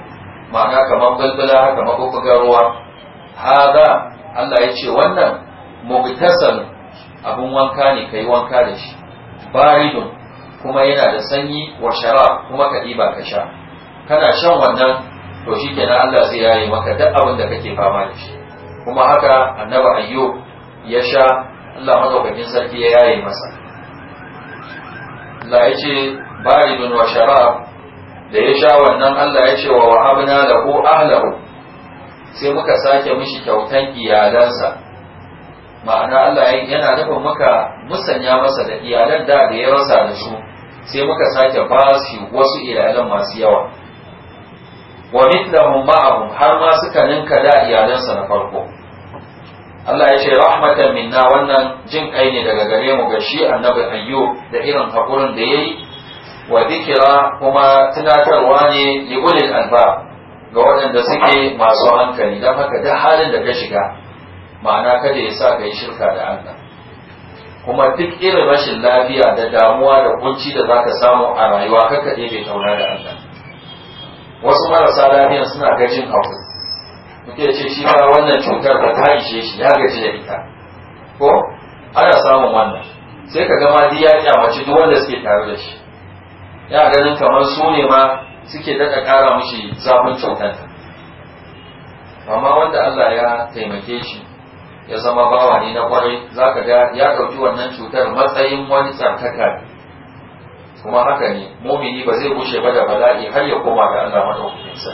ma'ana kamar bulbula haka mabubugar ruwa haza Allah ya ce wannan mubtasal abin wanka ne kai wanka da shi baridun kuma yana da sanyi wa shara kuma ka ɗiba ka sha kana shan wannan to shi kenan Allah zai yaye maka duk abin da kake fama da shi kuma haka annabi ayyub ya sha Allah madaukakin sarki ya yaye masa Allah ya ce baridun wa sharab da ya sha wannan Allah ya ce wa wahabna lahu ahlahu sai muka sake mishi kyautan iyalansa ma'ana Allah yana nufin muka musanya masa da iyalan da da ya rasa da su sai muka sake ba su wasu iyalan masu yawa wa mithlahum ma'ahum har ma suka ninka da sa na farko Allah ya ce rahmatan minna wannan jin kai ne daga gare mu ga shi annabi ayyu, da irin hakurin da yayi wa dhikra kuma tunatarwa ne li ulil albab ga waɗanda suke masu hankali don haka duk halin da ka shiga ma'ana kada ya sa ka yi shirka da Allah kuma duk irin rashin lafiya da damuwa da kunci da za ka samu a rayuwa kaka bai tauna da Allah wasu marasa lafiyan suna gajin abu muke ce shi ba wannan cutar da ta ishe shi ya gaji da ita ko ana samun wannan sai ka gama ya kyamaci duk wanda suke tare da shi ya ganin kamar su ne ma suke daɗa kara mushi zafin cutar amma wanda Allah ya taimake shi ya zama bawa ne na kwarai za ga ya ɗauki wannan cutar matsayin wani tsarkaka kuma haka ne mumini ba zai bushe ba da bala'i har ya koma ga Allah madaukakin sa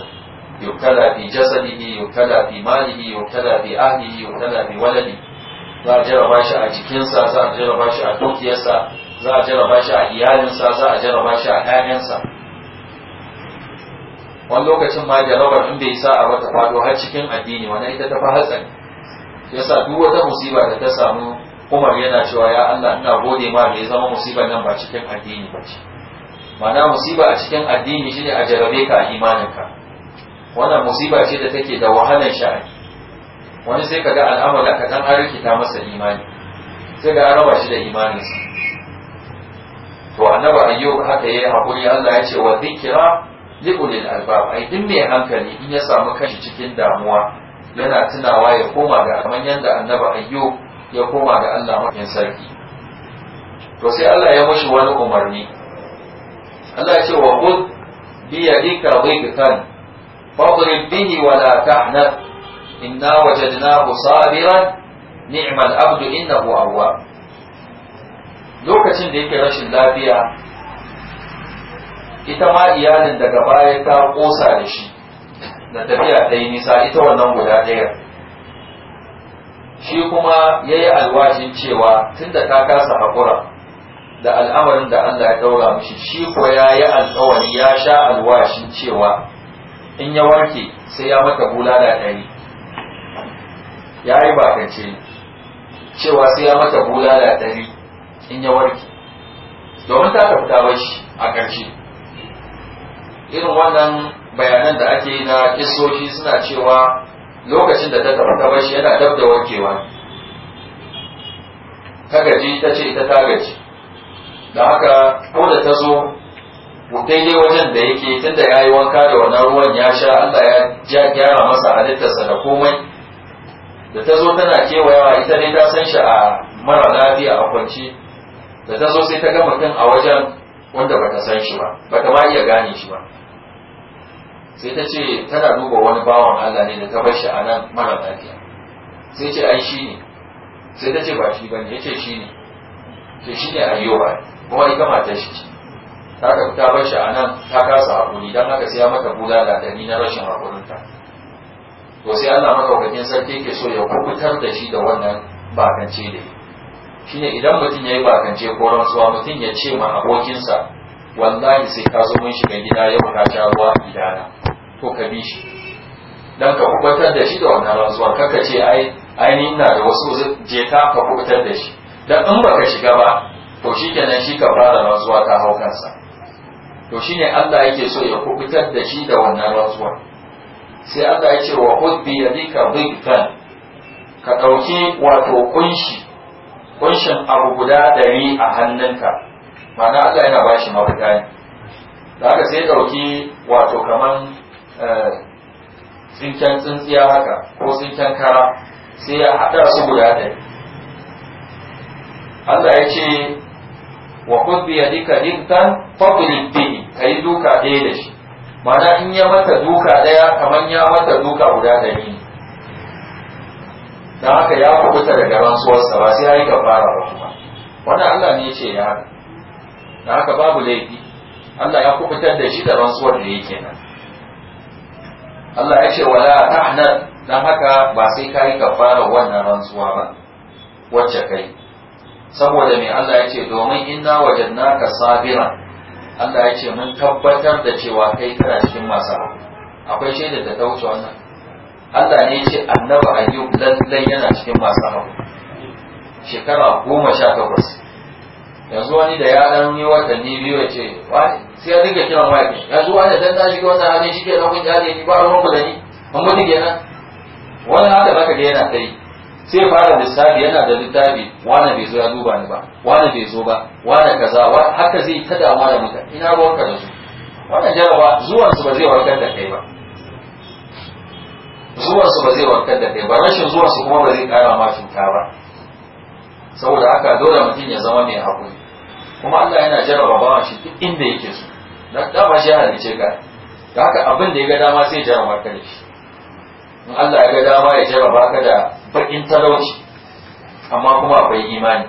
yukala bi jasadihi yukala bi malihi yukala bi ahlihi yukala bi waladi za a jarraba shi a jikinsa za a jarraba shi a dukiyarsa za a jarraba shi a iyalinsa za a jarraba shi a sa wani lokacin ma jarrabar in bai sa a wata fado har cikin addini wannan ita ta fi hatsari yasa duk wata musiba da ta samu Umar yana cewa ya Allah ina gode ma da zama musibar nan ba cikin addini ba ce mana musiba a cikin addini shine a jarabe ka a imaninka wannan musiba ce da take da wahalar sha'ani wani sai ka ga al'amala ka dan ta masa imani sai ga araba shi da imaninsa to annabi ayyub haka yayi hakuri Allah ya ce wa dhikra li ulil albab ai din mai hankali in ya samu kashi cikin damuwa yana tunawa ya koma ga kamar da annabi ayyub ya koma ga Allah mafiyin sarki to sai Allah ya mushi wani umarni Allah ya ce wa qud bi yadika dhikan fadrib bihi wa la tahnaf inna wajadnahu sabiran ni'mal abdu innahu awwab lokacin da yake rashin lafiya ita ma iyalin daga baya ta kosa da shi da tafiya yi nisa ita wannan guda ɗaya shi kuma ya yi alwashin cewa tun da ta kasa haƙura da al'amarin da Allah ya daura mushi shi ko ya yi alƙawari ya sha alwashin cewa in ya warke sai ya mata bulala ɗari ya yi bakance cewa sai ya mata bulala ɗari in ya warke domin ta tafi ta shi a ƙarshe irin wannan bayanan da ake yi na kisoshi suna cewa lokacin da ta taba ta shi yana dab da wankewa ta gaji ta ce ita ta gaji da haka ko da ta zo daidai wajen da yake da ya yi wanka da wannan ruwan ya sha Allah ya gyara masa halittarsa da komai da ta zo tana kewayawa ita ne ta san shi a mara lafiya a kwanci da ta zo sai ta ga mutum a wajen wanda bata san shi ba bata ma iya gane shi ba sai ta ce tana duba wani bawan Allah ne da ta bar shi a nan mara lafiya sai ce ai shi ne sai ta ce ba shi bane yace shi ne Ke shi ne ayyuba kuma ita shi ce ta ka ta bar shi a nan ta kasa hakuri don haka sai ya mata bula da dani na rashin hakurinta to sai Allah makaukakin sarki ke so ya kubutar da shi da wannan bakance da shine idan mutum ya yi bakance ko rantsuwa mutum ya ce ma abokinsa wallahi sai ka zo mun shiga gida yau ka sha ruwa gidana to ka bi shi dan ka kubutar da shi da wannan rantsuwar kaka ce ai ainihin na da wasu je ka ka kubutar da shi dan in baka shiga ba to shi kenan shi ka fara rantsuwa ta hau kansa to shine Allah yake so ya kubutar da shi da wannan rantsuwar sai Allah ya ce wa khud bi yadika kan, ka ɗauki wato kunshi kunshin abu guda ɗari a hannunka ma'ana Allah yana bashi mafita ne da haka sai dauki wato kaman can eh, tsintsiya haka ko can kara sai ya haɗa su guda ɗaya Allah ya ce wa kun biya dika dinkan fabrik bihi ka yi duka ɗaya da shi mana in ya mata duka ɗaya kamar ya mata duka guda ɗari ne don haka ya kubuta daga rantsuwarsa ba sai ya yi gabara ba kuma wannan Allah ne ya ce ya haka don haka babu laifi Allah ya kubutar da shi da rantsuwar da yake nan Allah ya ce wala tahnan dan haka ba sai kai fara wannan rantsuwa ba wacce kai saboda me Allah ya ce domin inna wajadnaka sabira Allah ya ce mun tabbatar da cewa kai kana cikin masu akwai shaidar da ta wuce wannan Allah ne ya ce annabi ayyub lallai yana cikin masu shekara goma sha takwas yanzu wani da ya dan yi watanni biyu ya ce sai ya dinga kiran waya yanzu wani dan ta shiga wannan halin shi ke nan kun jale ni ba ruwan ku da ni an mutu kenan wannan haka zaka ga yana kai sai fara lissafi yana da littafi wani bai zo ya duba ni ba wani bai zo ba wani kaza wa haka zai ta damuwa da mutane ina ruwanka da su wannan zuwan zuwansu ba zai warkar da kai ba zuwansu ba zai warkar da kai ba rashin zuwansu kuma ba zai kara ma cuta ba saboda haka dole mutum ya zama mai haƙuri kuma Allah yana jarraba bawan shi duk inda yake so dan dama shi ya halice ka da haka abin da ya ga dama sai jarraba ka da shi in Allah ya ga dama ya jarraba ka da bakin talauci amma kuma akwai imani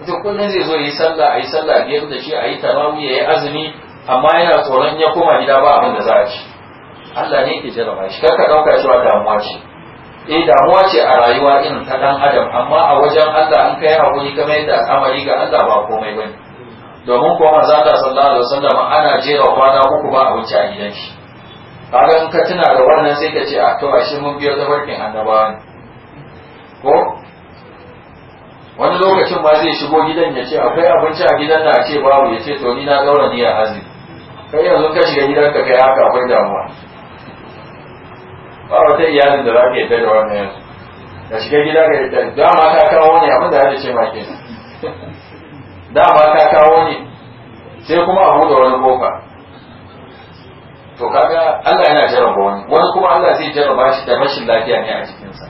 mutum kullum zai zo ya yi sallah a yi sallah biyar da shi a yi tarawih ya yi azumi amma yana tsoron ya koma gida ba abin da za a ci Allah ne yake jarraba shi kar ka dauka wa damuwa ce eh damuwa ce a rayuwa irin ta dan adam amma a wajen Allah an kai hakuri kamar yadda al'amari ga Allah ba komai bane domin kuwa manzo Allah sallallahu alaihi wasallam ana jera kwana uku ba abinci a gidan shi kaga in ka tuna da wannan sai ka ce a ah, to shi mun biyo barkin annabawa ne ko wani lokacin ma zai shigo gidan ya ce akwai abinci a gidan da a ce babu ya ce to ni na daura ni a azumi kai yanzu ka shiga gidan ka kai haka akwai damuwa ba wata iyalin da za ka yi da wannan yanzu ka shiga gida ka yadda dama ka kawo ne abin da ya ce ma kenan dama ka kawo ne sai kuma a buɗe wani kofa to kaga Allah yana jarraba wani wani kuma Allah zai jarraba shi da rashin lafiya ne a jikinsa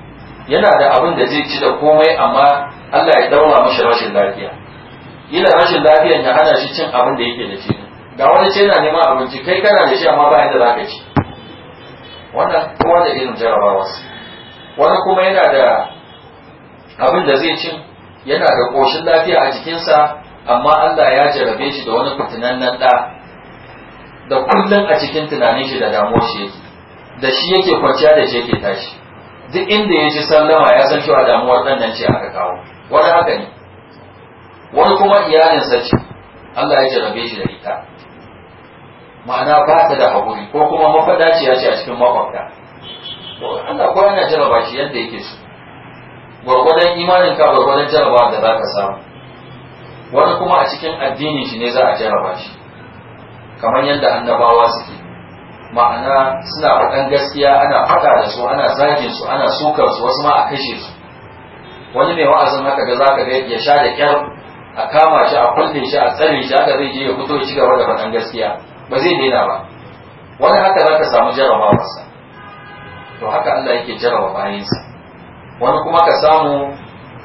yana da abin da zai ci da komai amma Allah ya daura mashi rashin lafiya ila rashin lafiyan ya hana shi cin abin da yake da shi ga wani ce yana neman abinci kai kana da shi amma ba yadda zaka ci wannan kowa da irin su. wani kuma yana da abin da zai cin yana da ƙoshin lafiya a jikinsa amma Allah ya jarabe shi da wani nan da da kullum a cikin tunanin shi da damuwar shi yake da shi yake kwanciya da shi yake tashi duk inda ya ji sallama ya san cewa damuwar ɗan nan ce aka kawo wani haka ne wani kuma iyalinsa ce Allah ya jarabe shi da ita ma'ana ba ta da haƙuri ko kuma mafada ce ya ce a cikin makwabta Allah ko yana jaraba shi yadda yake so gwargwadon imanin ka gwargwadon jaraba da za ka samu wani kuma a cikin addinin shi ne za a jaraba shi kamar yadda annabawa suke ma'ana suna faɗan gaskiya ana faɗa da su ana zagin su ana sukar su wasu ma a kashe su wani mai wa'azin haka ga za ka ga ya sha da kyar a kama shi a kulle shi a tsare shi haka zai je ya fito ci gaba da faɗan gaskiya ba zai daina ba wani haka za ka samu masa to haka Allah yake jaraba bayansa wani kuma ka samu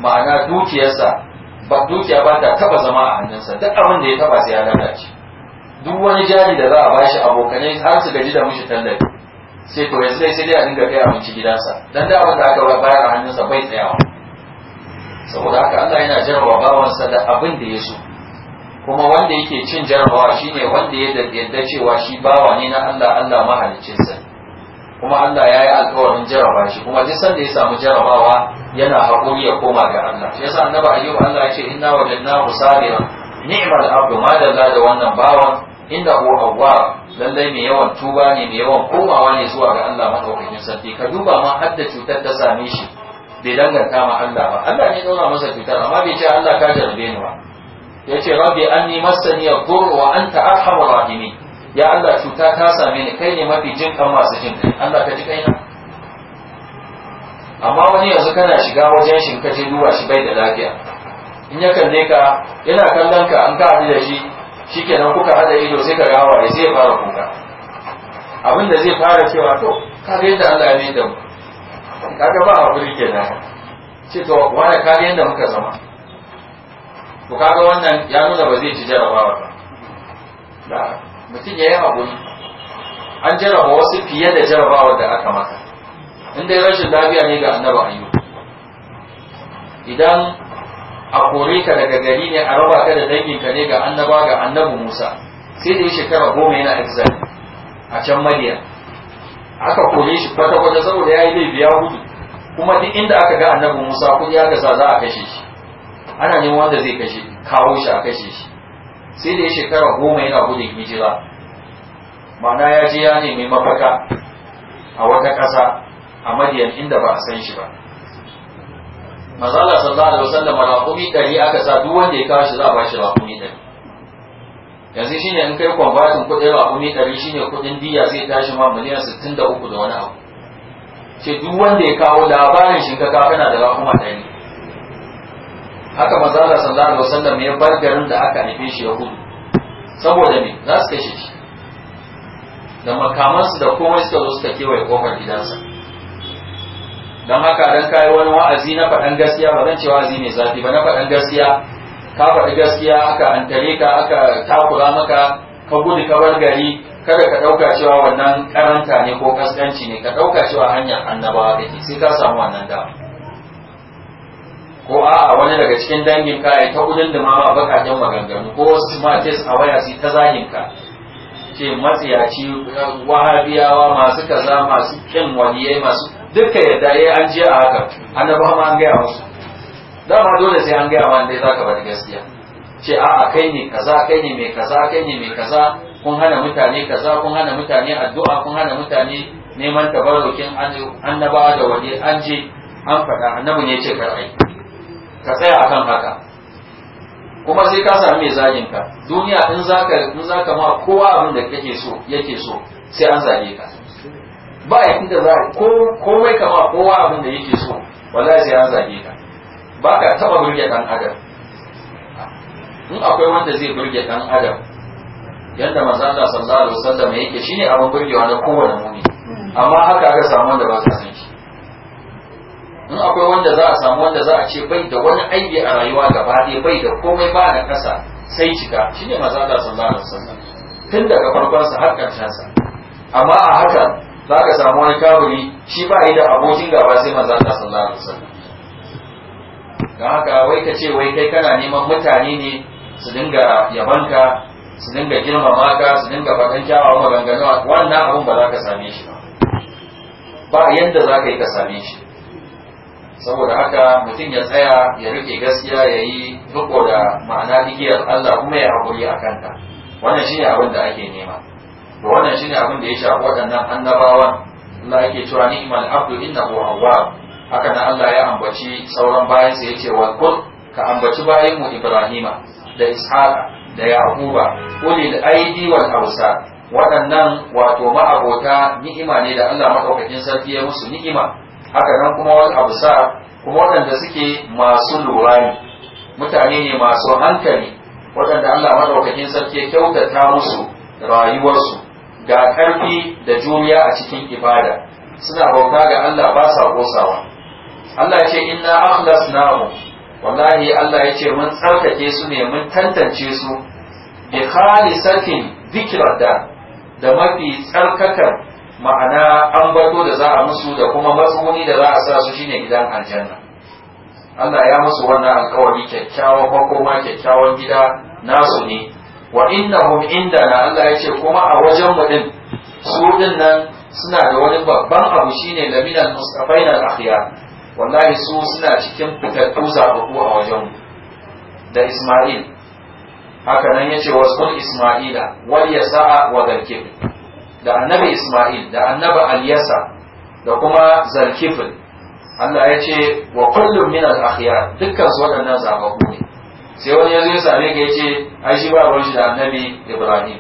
ma'ana dukiyarsa ba dukiya ba ta taba zama a hannunsa duk abin da ya taba sai ya lalace duk wani jari da za a bashi abokanai har su gaji da mushi tallafi sai to yanzu sai dai a dinga kai abinci gidansa dan da abin da aka bayar a hannunsa bai tsayawa saboda haka Allah yana jarrawa bawansa da abin da ya so kuma wanda yake cin jarrawa shine wanda ya yadda cewa shi bawa ne na Allah Allah mahaliccinsa kuma Allah ya yi alkawarin jarraba shi kuma duk sanda ya samu jarrabawa. yana haƙuri ya koma ga Allah shi yasa annabi ayyub Allah ya ce inna wajadnahu sabiran ni'mal abdu ma dalla da wannan bawan inda hu awwa lallai mai yawan tuba ne mai yawan komawa ne zuwa ga Allah madaukakin sarki ka duba ma har da cutar ta same shi bai danganta ma Allah ba Allah ne nuna masa cutar amma bai ce Allah ka jarbe ni ba ya ce rabbi anni massani yadur wa anta arhamur rahimin ya Allah cuta ta same ni kai ne mafi jin kan masu jin kai Allah ka ji kaina amma wani yanzu kana shiga wajen shi ka je duba shi bai da lafiya in ya kalle ka yana kallon ka an ka haɗu da shi shikenan kuka haɗa ido sai ka gawa ya sai fara kuka abin da zai fara cewa to ka ga yadda Allah ya yi da mu ka ga ba hakuri kenan ce to wani ka ga yadda muka zama to ga wannan ya nuna ba zai ci jarabawa ba da mutum ya yi abu an jaraba wasu fiye da jarabawar da aka maka in dai rashin lafiya ne ga annabi ayyu idan a kore ka daga gari ne a raba ka da danginka ne ga annaba ga annabi musa sai da ya shekara goma yana exile a can madiya aka kore shi kwata-kwata saboda ya yi laifi ya gudu kuma duk inda aka ga annabi musa kudi aka sa za a kashe shi ana neman wanda zai kashe kawo shi a kashe shi sai da ya shekara goma yana gudun hijira ma'ana ya je ya nemi mafaka a wata ƙasa a madiyan inda ba a san shi ba mazala sallallahu alaihi wasallam raƙumi ɗari aka sa duk wanda ya kawo shi za a ba shi raƙumi ɗari yanzu shine in kai kwambatin kuɗin raƙumi ɗari shine kuɗin diya zai tashi ma miliyan sittin da uku da wani abu ce duk wanda ya kawo labarin shinkafa kana da raƙuma ɗari haka mazala sallallahu alaihi wasallam ya bar garin da aka nufi shi ya gudu saboda me za su kashe shi da makamansu da komai suka zo suka kewaye kofar gidansa don haka dan kai wani wa'azi na faɗan gaskiya ba zan ce wa'azi mai zafi ba na faɗan gaskiya ka faɗi gaskiya aka antare ka aka takura maka ka gudu ka bar gari kada ka ɗauka cewa wannan karanta ne ko kaskanci ne ka ɗauka cewa hanyar annabawa kake sai ka samu wannan dama ko a'a wani daga cikin dangin ka ya ta kudin da ma bakaken maganganu ko wasu matis a waya su ta zagin ka ce matsiyaci wahabiyawa masu kaza masu kin waliyai masu dukka yadda ya an je a haka annabawa ma an gaya musu dama dole sai an gaya ma dai ka bari gaskiya ce a'a kai ne kaza kai ne mai kaza kai ne mai kaza kun hana mutane kaza kun hana mutane addu'a kun hana mutane neman tabarrukin annabawa da waje an je an faɗa annabi ne ce kar ka tsaya akan haka kuma sai ka sami mai zagin ka duniya in zaka in zaka ma kowa abin da kake so yake so sai an zage ka ba ya da za ko komai kama kowa abin da yake so wala sai an zage ka ba ka taba burge dan adam in akwai wanda zai burge dan adam yadda manzo Allah sallallahu alaihi wasallam yake shine abin burgewa na kowane muni amma haka ga samu wanda ba sa san shi in akwai wanda za a samu wanda za a ce bai da wani aibi a rayuwa gaba ɗaya bai da komai ba na kasa sai cika shine manzo Allah sallallahu alaihi wasallam tun daga farkonsa har ƙarshensa amma a hakan za ka samu wani kawuri shi ba yi da abokin gaba sai maza ta sun alaihi sun ga haka wai ka ce wai kai kana neman mutane ne su dinga yabanka su dinga girmama ka su dinga faɗan kyawawan maganganu wannan abun ba za ka same shi ba ba yadda za ka yi ka same shi saboda haka mutum ya tsaya ya rike gaskiya ya yi riko da ma'ana igiyar Allah kuma ya haƙuri a kanta wannan shine abin da ake nema to wannan shine abin da ya shafi waɗannan annabawan Allah yake cewa ni'mal abdu innahu awwab haka nan Allah ya ambaci sauran bayan sa yace wa kul ka ambaci bayan mu Ibrahima da Ishaq da Kulli ulil aidi wal awsa waɗannan wato abota ni'ima ne da Allah madaukakin sarki ya musu ni'ima haka nan kuma wal absar kuma waɗanda suke masu lura mutane ne masu hankali waɗanda Allah madaukakin sarki ya kyautata musu rayuwarsu ga ƙarfi da juriya a cikin ibada suna bauta ga Allah ba sa kosawa Allah ya ce inna namu. wallahi Allah ya ce mun tsarkake su ne mun tantance su bi khalisatin zikrata da mafi tsarkakan ma'ana an bato da za a musu da kuma matsuguni da za a sa su shine gidan aljanna Allah ya musu wannan alkawari kyakkyawan makoma kyakkyawan gida nasu ne wa innahum indana Allah ya ce kuma a wajen mu din su din nan suna da wani babban abu shine laminan mustafain al-akhyar wallahi su suna cikin fitattu zababu a wajen da Isma'il haka nan yace wasul Isma'ila wal yasa'a wa dalkib da annabi Isma'il da annabi al-yasa da kuma zalkifil Allah ya ce wa kullum min al-akhyar dukkan su waɗannan zababu ne sai wani ya zo ya same ka ya ce ai shi ba ruwan shi da annabi ibrahim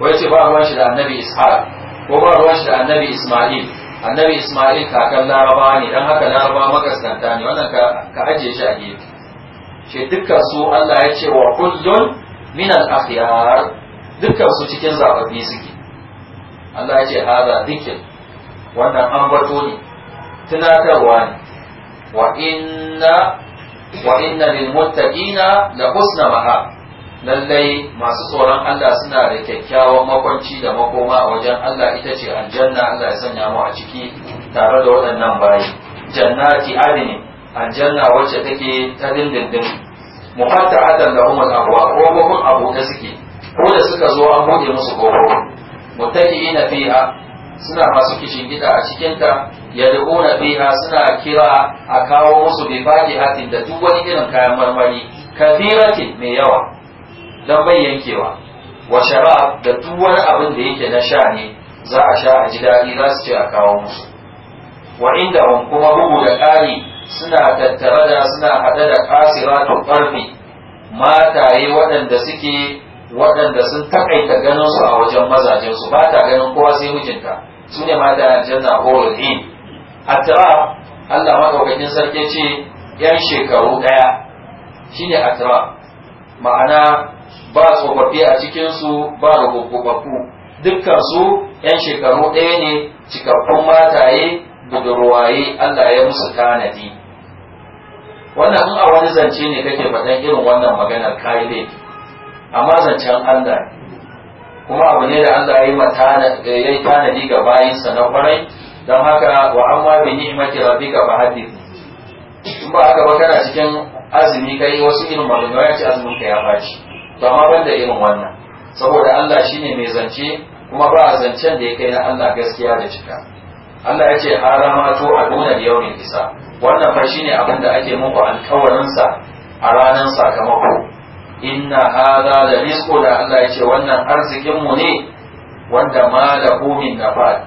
wai ce ba ruwan shi da annabi ishaq ko ba ruwan shi da annabi isma'il annabi isma'il kakan Laraba ne dan haka laraba makaskanta ne wannan ka ajiye shi a gefe shi dukkan su Allah ya ce wa kullun min al-akhyar dukkan su cikin zababbi suke Allah ya ce hada dukkan wannan ambato ne tunatarwa ne wa inna wa inna lil muttaqina la husna maha lallai masu tsoron Allah suna da kyakkyawan makwanci da makoma a wajen Allah ita ce aljanna Allah ya sanya mu a ciki tare da waɗannan bayi jannati adini aljanna wacce take ta dindindin muhatta adan da umar abuwa ko bakun abu da suke ko da suka zo an buɗe musu kofo muttaqiina fiha suna masu kishin gida a cikinta ya da biha suna kira a kawo musu baki hatin da duk wani irin kayan marmari kafiratin mai yawa don bai yankewa wa sharab da duk wani abin da yake na sha ne za a sha a ji daɗi za su ce a kawo musu wa inda kuma bugu da ƙari suna tattara da suna haɗe da ƙasira da ƙarfi mataye waɗanda suke waɗanda sun taƙaita ganin su a wajen mazajen su ba ta ganin kowa sai mijinta su ne ma da janna horul A tara, Allah maɗaukakin sarki ce yan shekaru ɗaya Shi ne a tara. ma'ana ba tsofaffi a cikinsu, ba rububbabbu dukkan su yan shekaru ɗaya ne cikakkun mataye budurwaye Allah ya musu tanadi wannan in a wani zance ne kake faɗan irin wannan maganar kai laifi amma zancen Allah kuma abu ne da Allah ya yi tanadi ga bayinsa na kwarai don haka wa amma bi ni'mati rabbika fa hadith in ba ka ba kana cikin azumi kai wasu irin maganganu ya ce azumin ka ya faci to amma ban da irin wannan saboda Allah shine mai zance kuma ba zancen da ya kai na Allah gaskiya da cika Allah ya ce harama to a duna yawmin kisa. wannan fa shine abin da ake muku alƙawarin sa a ranar sakamako inna hada da risko da Allah ya ce wannan mu ne wanda ma da homin na ba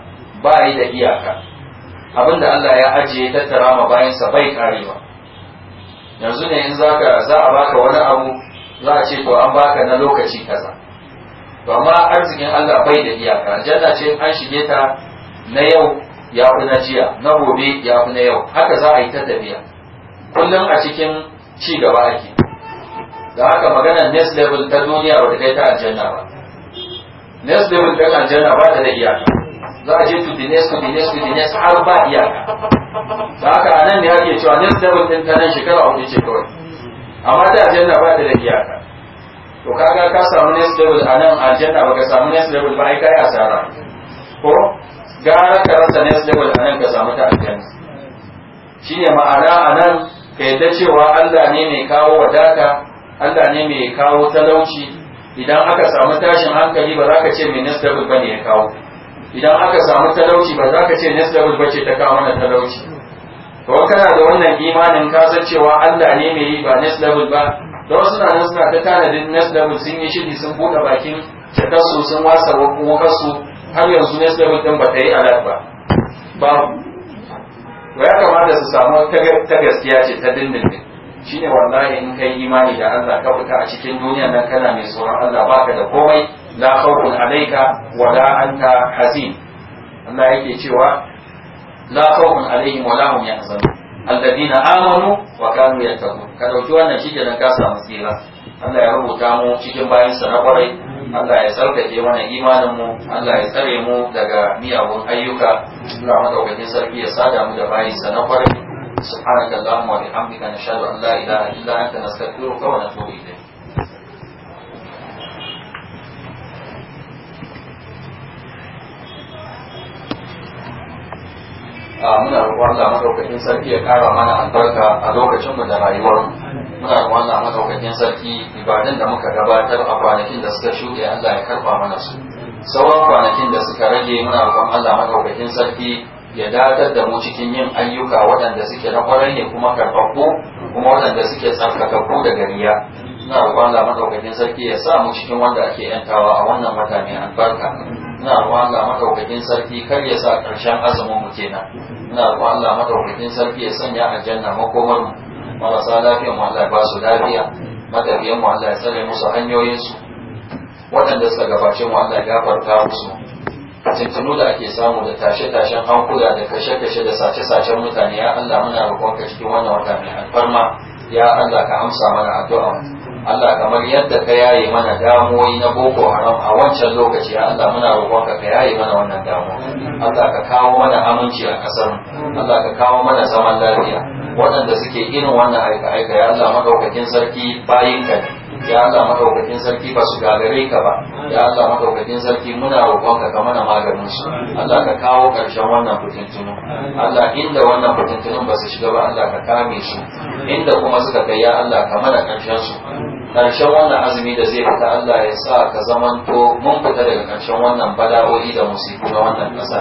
ba yi da iyaka abinda Allah ya ajiye tattara ma sa bai karewa yanzu ne in zaka za a baka wani abu za a ce to an baka na lokaci kaza to amma arzikin Allah bai da iyaka aljanna ce an shige ta na yau ya fi na jiya na gobe ya fi na yau haka za a yi ta tafiya kullum a cikin ci gaba ake da haka magana next level ta duniya ba ta kai ta aljanna ba next level ta aljanna ba ta da iyaka za a je to the next to the next to the next har ba iyaka da haka a nan ne ake cewa next level din ta nan shekara hudu ce kawai amma ta aljanna ba ta da iyaka to kaga ka samu next level a nan aljanna ba ka samu next level ba ai kai asara ko gara ka rasa next level a nan ka samu ta aljanna shine ma'ana a nan ka yadda cewa Allah ne mai kawo wadata Allah ne mai kawo talauci idan aka samu tashin hankali ba za ka ce mai nasdabul ba ne ya kawo idan aka samu talauci ba za ka ce nasdabul ba ce ta kawo na talauci to kana da wannan imanin kasancewa Allah ne mai yi ba nasdabul ba da wasu na nan suna ta tanadin nasdabul sun yi shiri sun buɗe bakin su sun wasa wakarsu har yanzu nasdabul din ba ta yi alat ba ya kamata su samu ta gaskiya ce ta dindindin shine wallahi in ka yi imani da Allah ka fita a cikin duniya nan kana mai tsoron Allah baka da komai la khawfun alayka wa la anta hazin Allah yake cewa la khawfun alayhim wa la hum yahzanun alladheena amanu wa kanu yattaqun ka dauki wannan shike nan ka samu tsira Allah ya rubuta mu cikin bayan sa na kwarai Allah ya sarkake mana imanin mu Allah ya tsare mu daga miyagun ayyuka Allah madaukakin sarki ya sada mu da bayin sa na kwarai سبحانك اللهم وبحمدك نشهد ان لا اله الا انت نستغفرك ونتوب a muna roƙon da madaukakin sarki ya ƙara mana albarka a lokacin mu da rayuwar muna roƙon da madaukakin sarki ibadun da muka gabatar a kwanakin da suka shuɗe Allah ya karɓa mana su sauran kwanakin da suka rage muna roƙon Allah madaukakin sarki ya datar da mu cikin yin ayyuka waɗanda suke na kwarai ne kuma karfafu kuma waɗanda suke tsarkakakku da gariya ina roƙon Allah madaukakin sarki ya sa mu cikin wanda ake yantawa a wannan wata mai albarka ina roƙon Allah madaukakin sarki kar ya sa ƙarshen azumin mu kenan ina roƙon Allah madaukakin sarki ya sanya aljanna makomar mu marasa lafiyan mu Allah ba su lafiya matafiyan mu Allah ya tsare musu hanyoyinsu waɗanda suka gabace mu Allah ya gafarta musu fitintunu da ake samu da tashe-tashen hankula da kashe-kashe da sace-sacen mutane ya Allah muna roƙonka cikin wannan wata mai alfarma ya Allah ka amsa mana addu'a Allah kamar yadda ka yaye mana damuwoyi na boko haram a wancan lokaci ya Allah muna roƙonka ka yaye mana wannan damuwa Allah ka kawo mana aminci a ƙasar Allah ka kawo mana zaman lafiya waɗanda suke irin wannan aika-aika ya Allah madaukakin sarki bayinka ne ya Allah madaukakin sarki ba su gagare ka ba ya Allah madaukakin sarki muna roƙon ka mana maganin su Allah ka kawo ƙarshen wannan fitintunin Allah inda wannan fitintunun ba su shiga ba Allah ka kame su inda kuma suka kai ya Allah ka mana ƙarshen su ƙarshen wannan azumi da zai fita Allah ya sa ka zamanto mun fita daga ƙarshen wannan bala'o'i da musiku na wannan ƙasa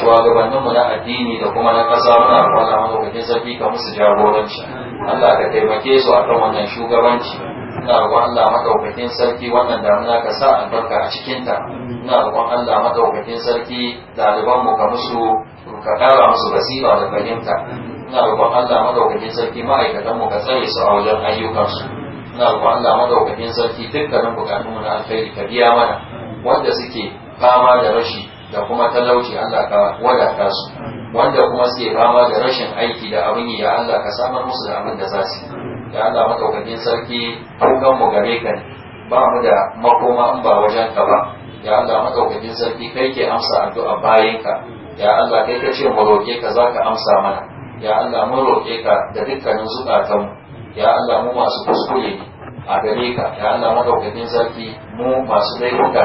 shugabanninmu na addini da kuma na ƙasa muna kwana madaukakin sarki ka musu jagoranci Allah ka taimake su akan wannan shugabanci ina roƙon Allah madaukakin sarki wannan damuna ka sa albarka a cikinta ina roƙon Allah madaukakin sarki daliban mu ka musu ka kara musu basira da fahimta ina roƙon Allah madaukakin sarki ma'aikatan mu ka tsare su a wajen ayyukansu ina roƙon Allah madaukakin sarki dukkanin buƙatun na alkhairi ka biya mana wanda suke fama da rashi da kuma talauci Allah ka wadata su wanda kuma suke fama da rashin aiki da abin ya Allah ka samar musu da abin da za su ya Allah madaukakin sarki kukan mu gare ka ne ba mu da makoma in ba wajen ka ba ya Allah madaukakin sarki kai ke amsa addu'a bayan ka ya Allah kai ka ce mu roƙe ka zaka amsa mana ya Allah mun roƙe ka da dukkanin zukatanmu ya Allah mu masu kuskure a gare ka ya Allah madaukakin sarki mu masu laifuka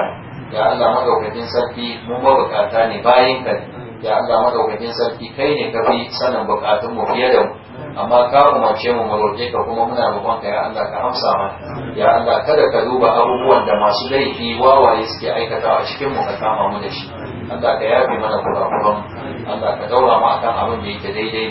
ya Allah madaukakin sarki mu mabukata ne bayan ka ya Allah madaukakin sarki kai ne ka fi sanin bukatun mu fiye da mu amma ka umarce mu roƙe ka kuma muna roƙon ka ya Allah ka amsa mana ya Allah kada ka duba abubuwan da masu laifi wawaye suke aikata a cikin mu ka kama mu da shi Allah ka yafe mana kurakuran Allah ka daura mu akan abin da yake daidai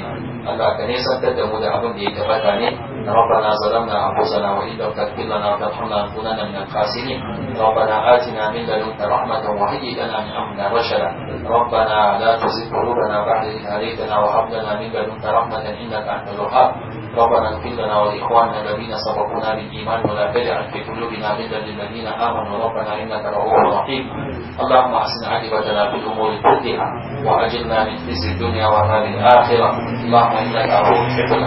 Allah ka nesantar da mu da abin da yake bata ne ربنا ظلمنا أنفسنا وإن لم تغفر لنا وترحمنا لنكونن من الخاسرين ربنا آتنا من لدنك رحمة وهيئ لنا من أمرنا رشدا ربنا لا تزغ قلوبنا بعد إذ هديتنا وهب لنا من لدنك رحمة إنك أنت الوهاب ربنا اغفر لنا ولإخواننا الذين سبقونا بالإيمان ولا تجعل في قلوبنا غلا للذين آمنوا ربنا إنك رؤوف رحيم اللهم أحسن عاقبتنا في الأمور كلها وأجرنا من خزي الدنيا وعذاب الآخرة اللهم إنك أعوذ بك أن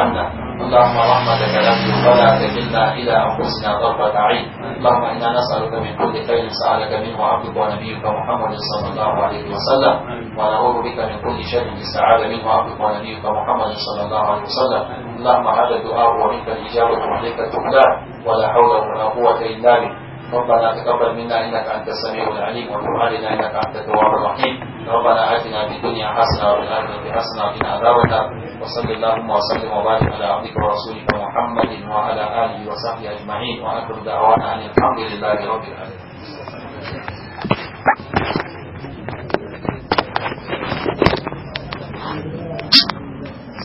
عنا اللهم رحمتك لا فلا تكلنا الى انفسنا طرفه عين اللهم انا نسالك من كل خير سالك منه عبدك ونبيك محمد صلى الله عليه وسلم ونعوذ بك من كل شر استعاذ منه عبدك ونبيك محمد صلى الله عليه وسلم اللهم هذا الدعاء ومنك الاجابه وعليك التقدار ولا حول ولا قوه الا بك ربنا تقبل منا انك انت السميع العليم وتب علينا انك انت التواب الرحيم ربنا اتنا في الدنيا حسنه وفي الاخره حسنه وقنا عذاب النار وصلى اللهم وسلم وبارك على عبدك ورسولك محمد وعلى اله وصحبه اجمعين واخر دعوانا ان الحمد لله رب العالمين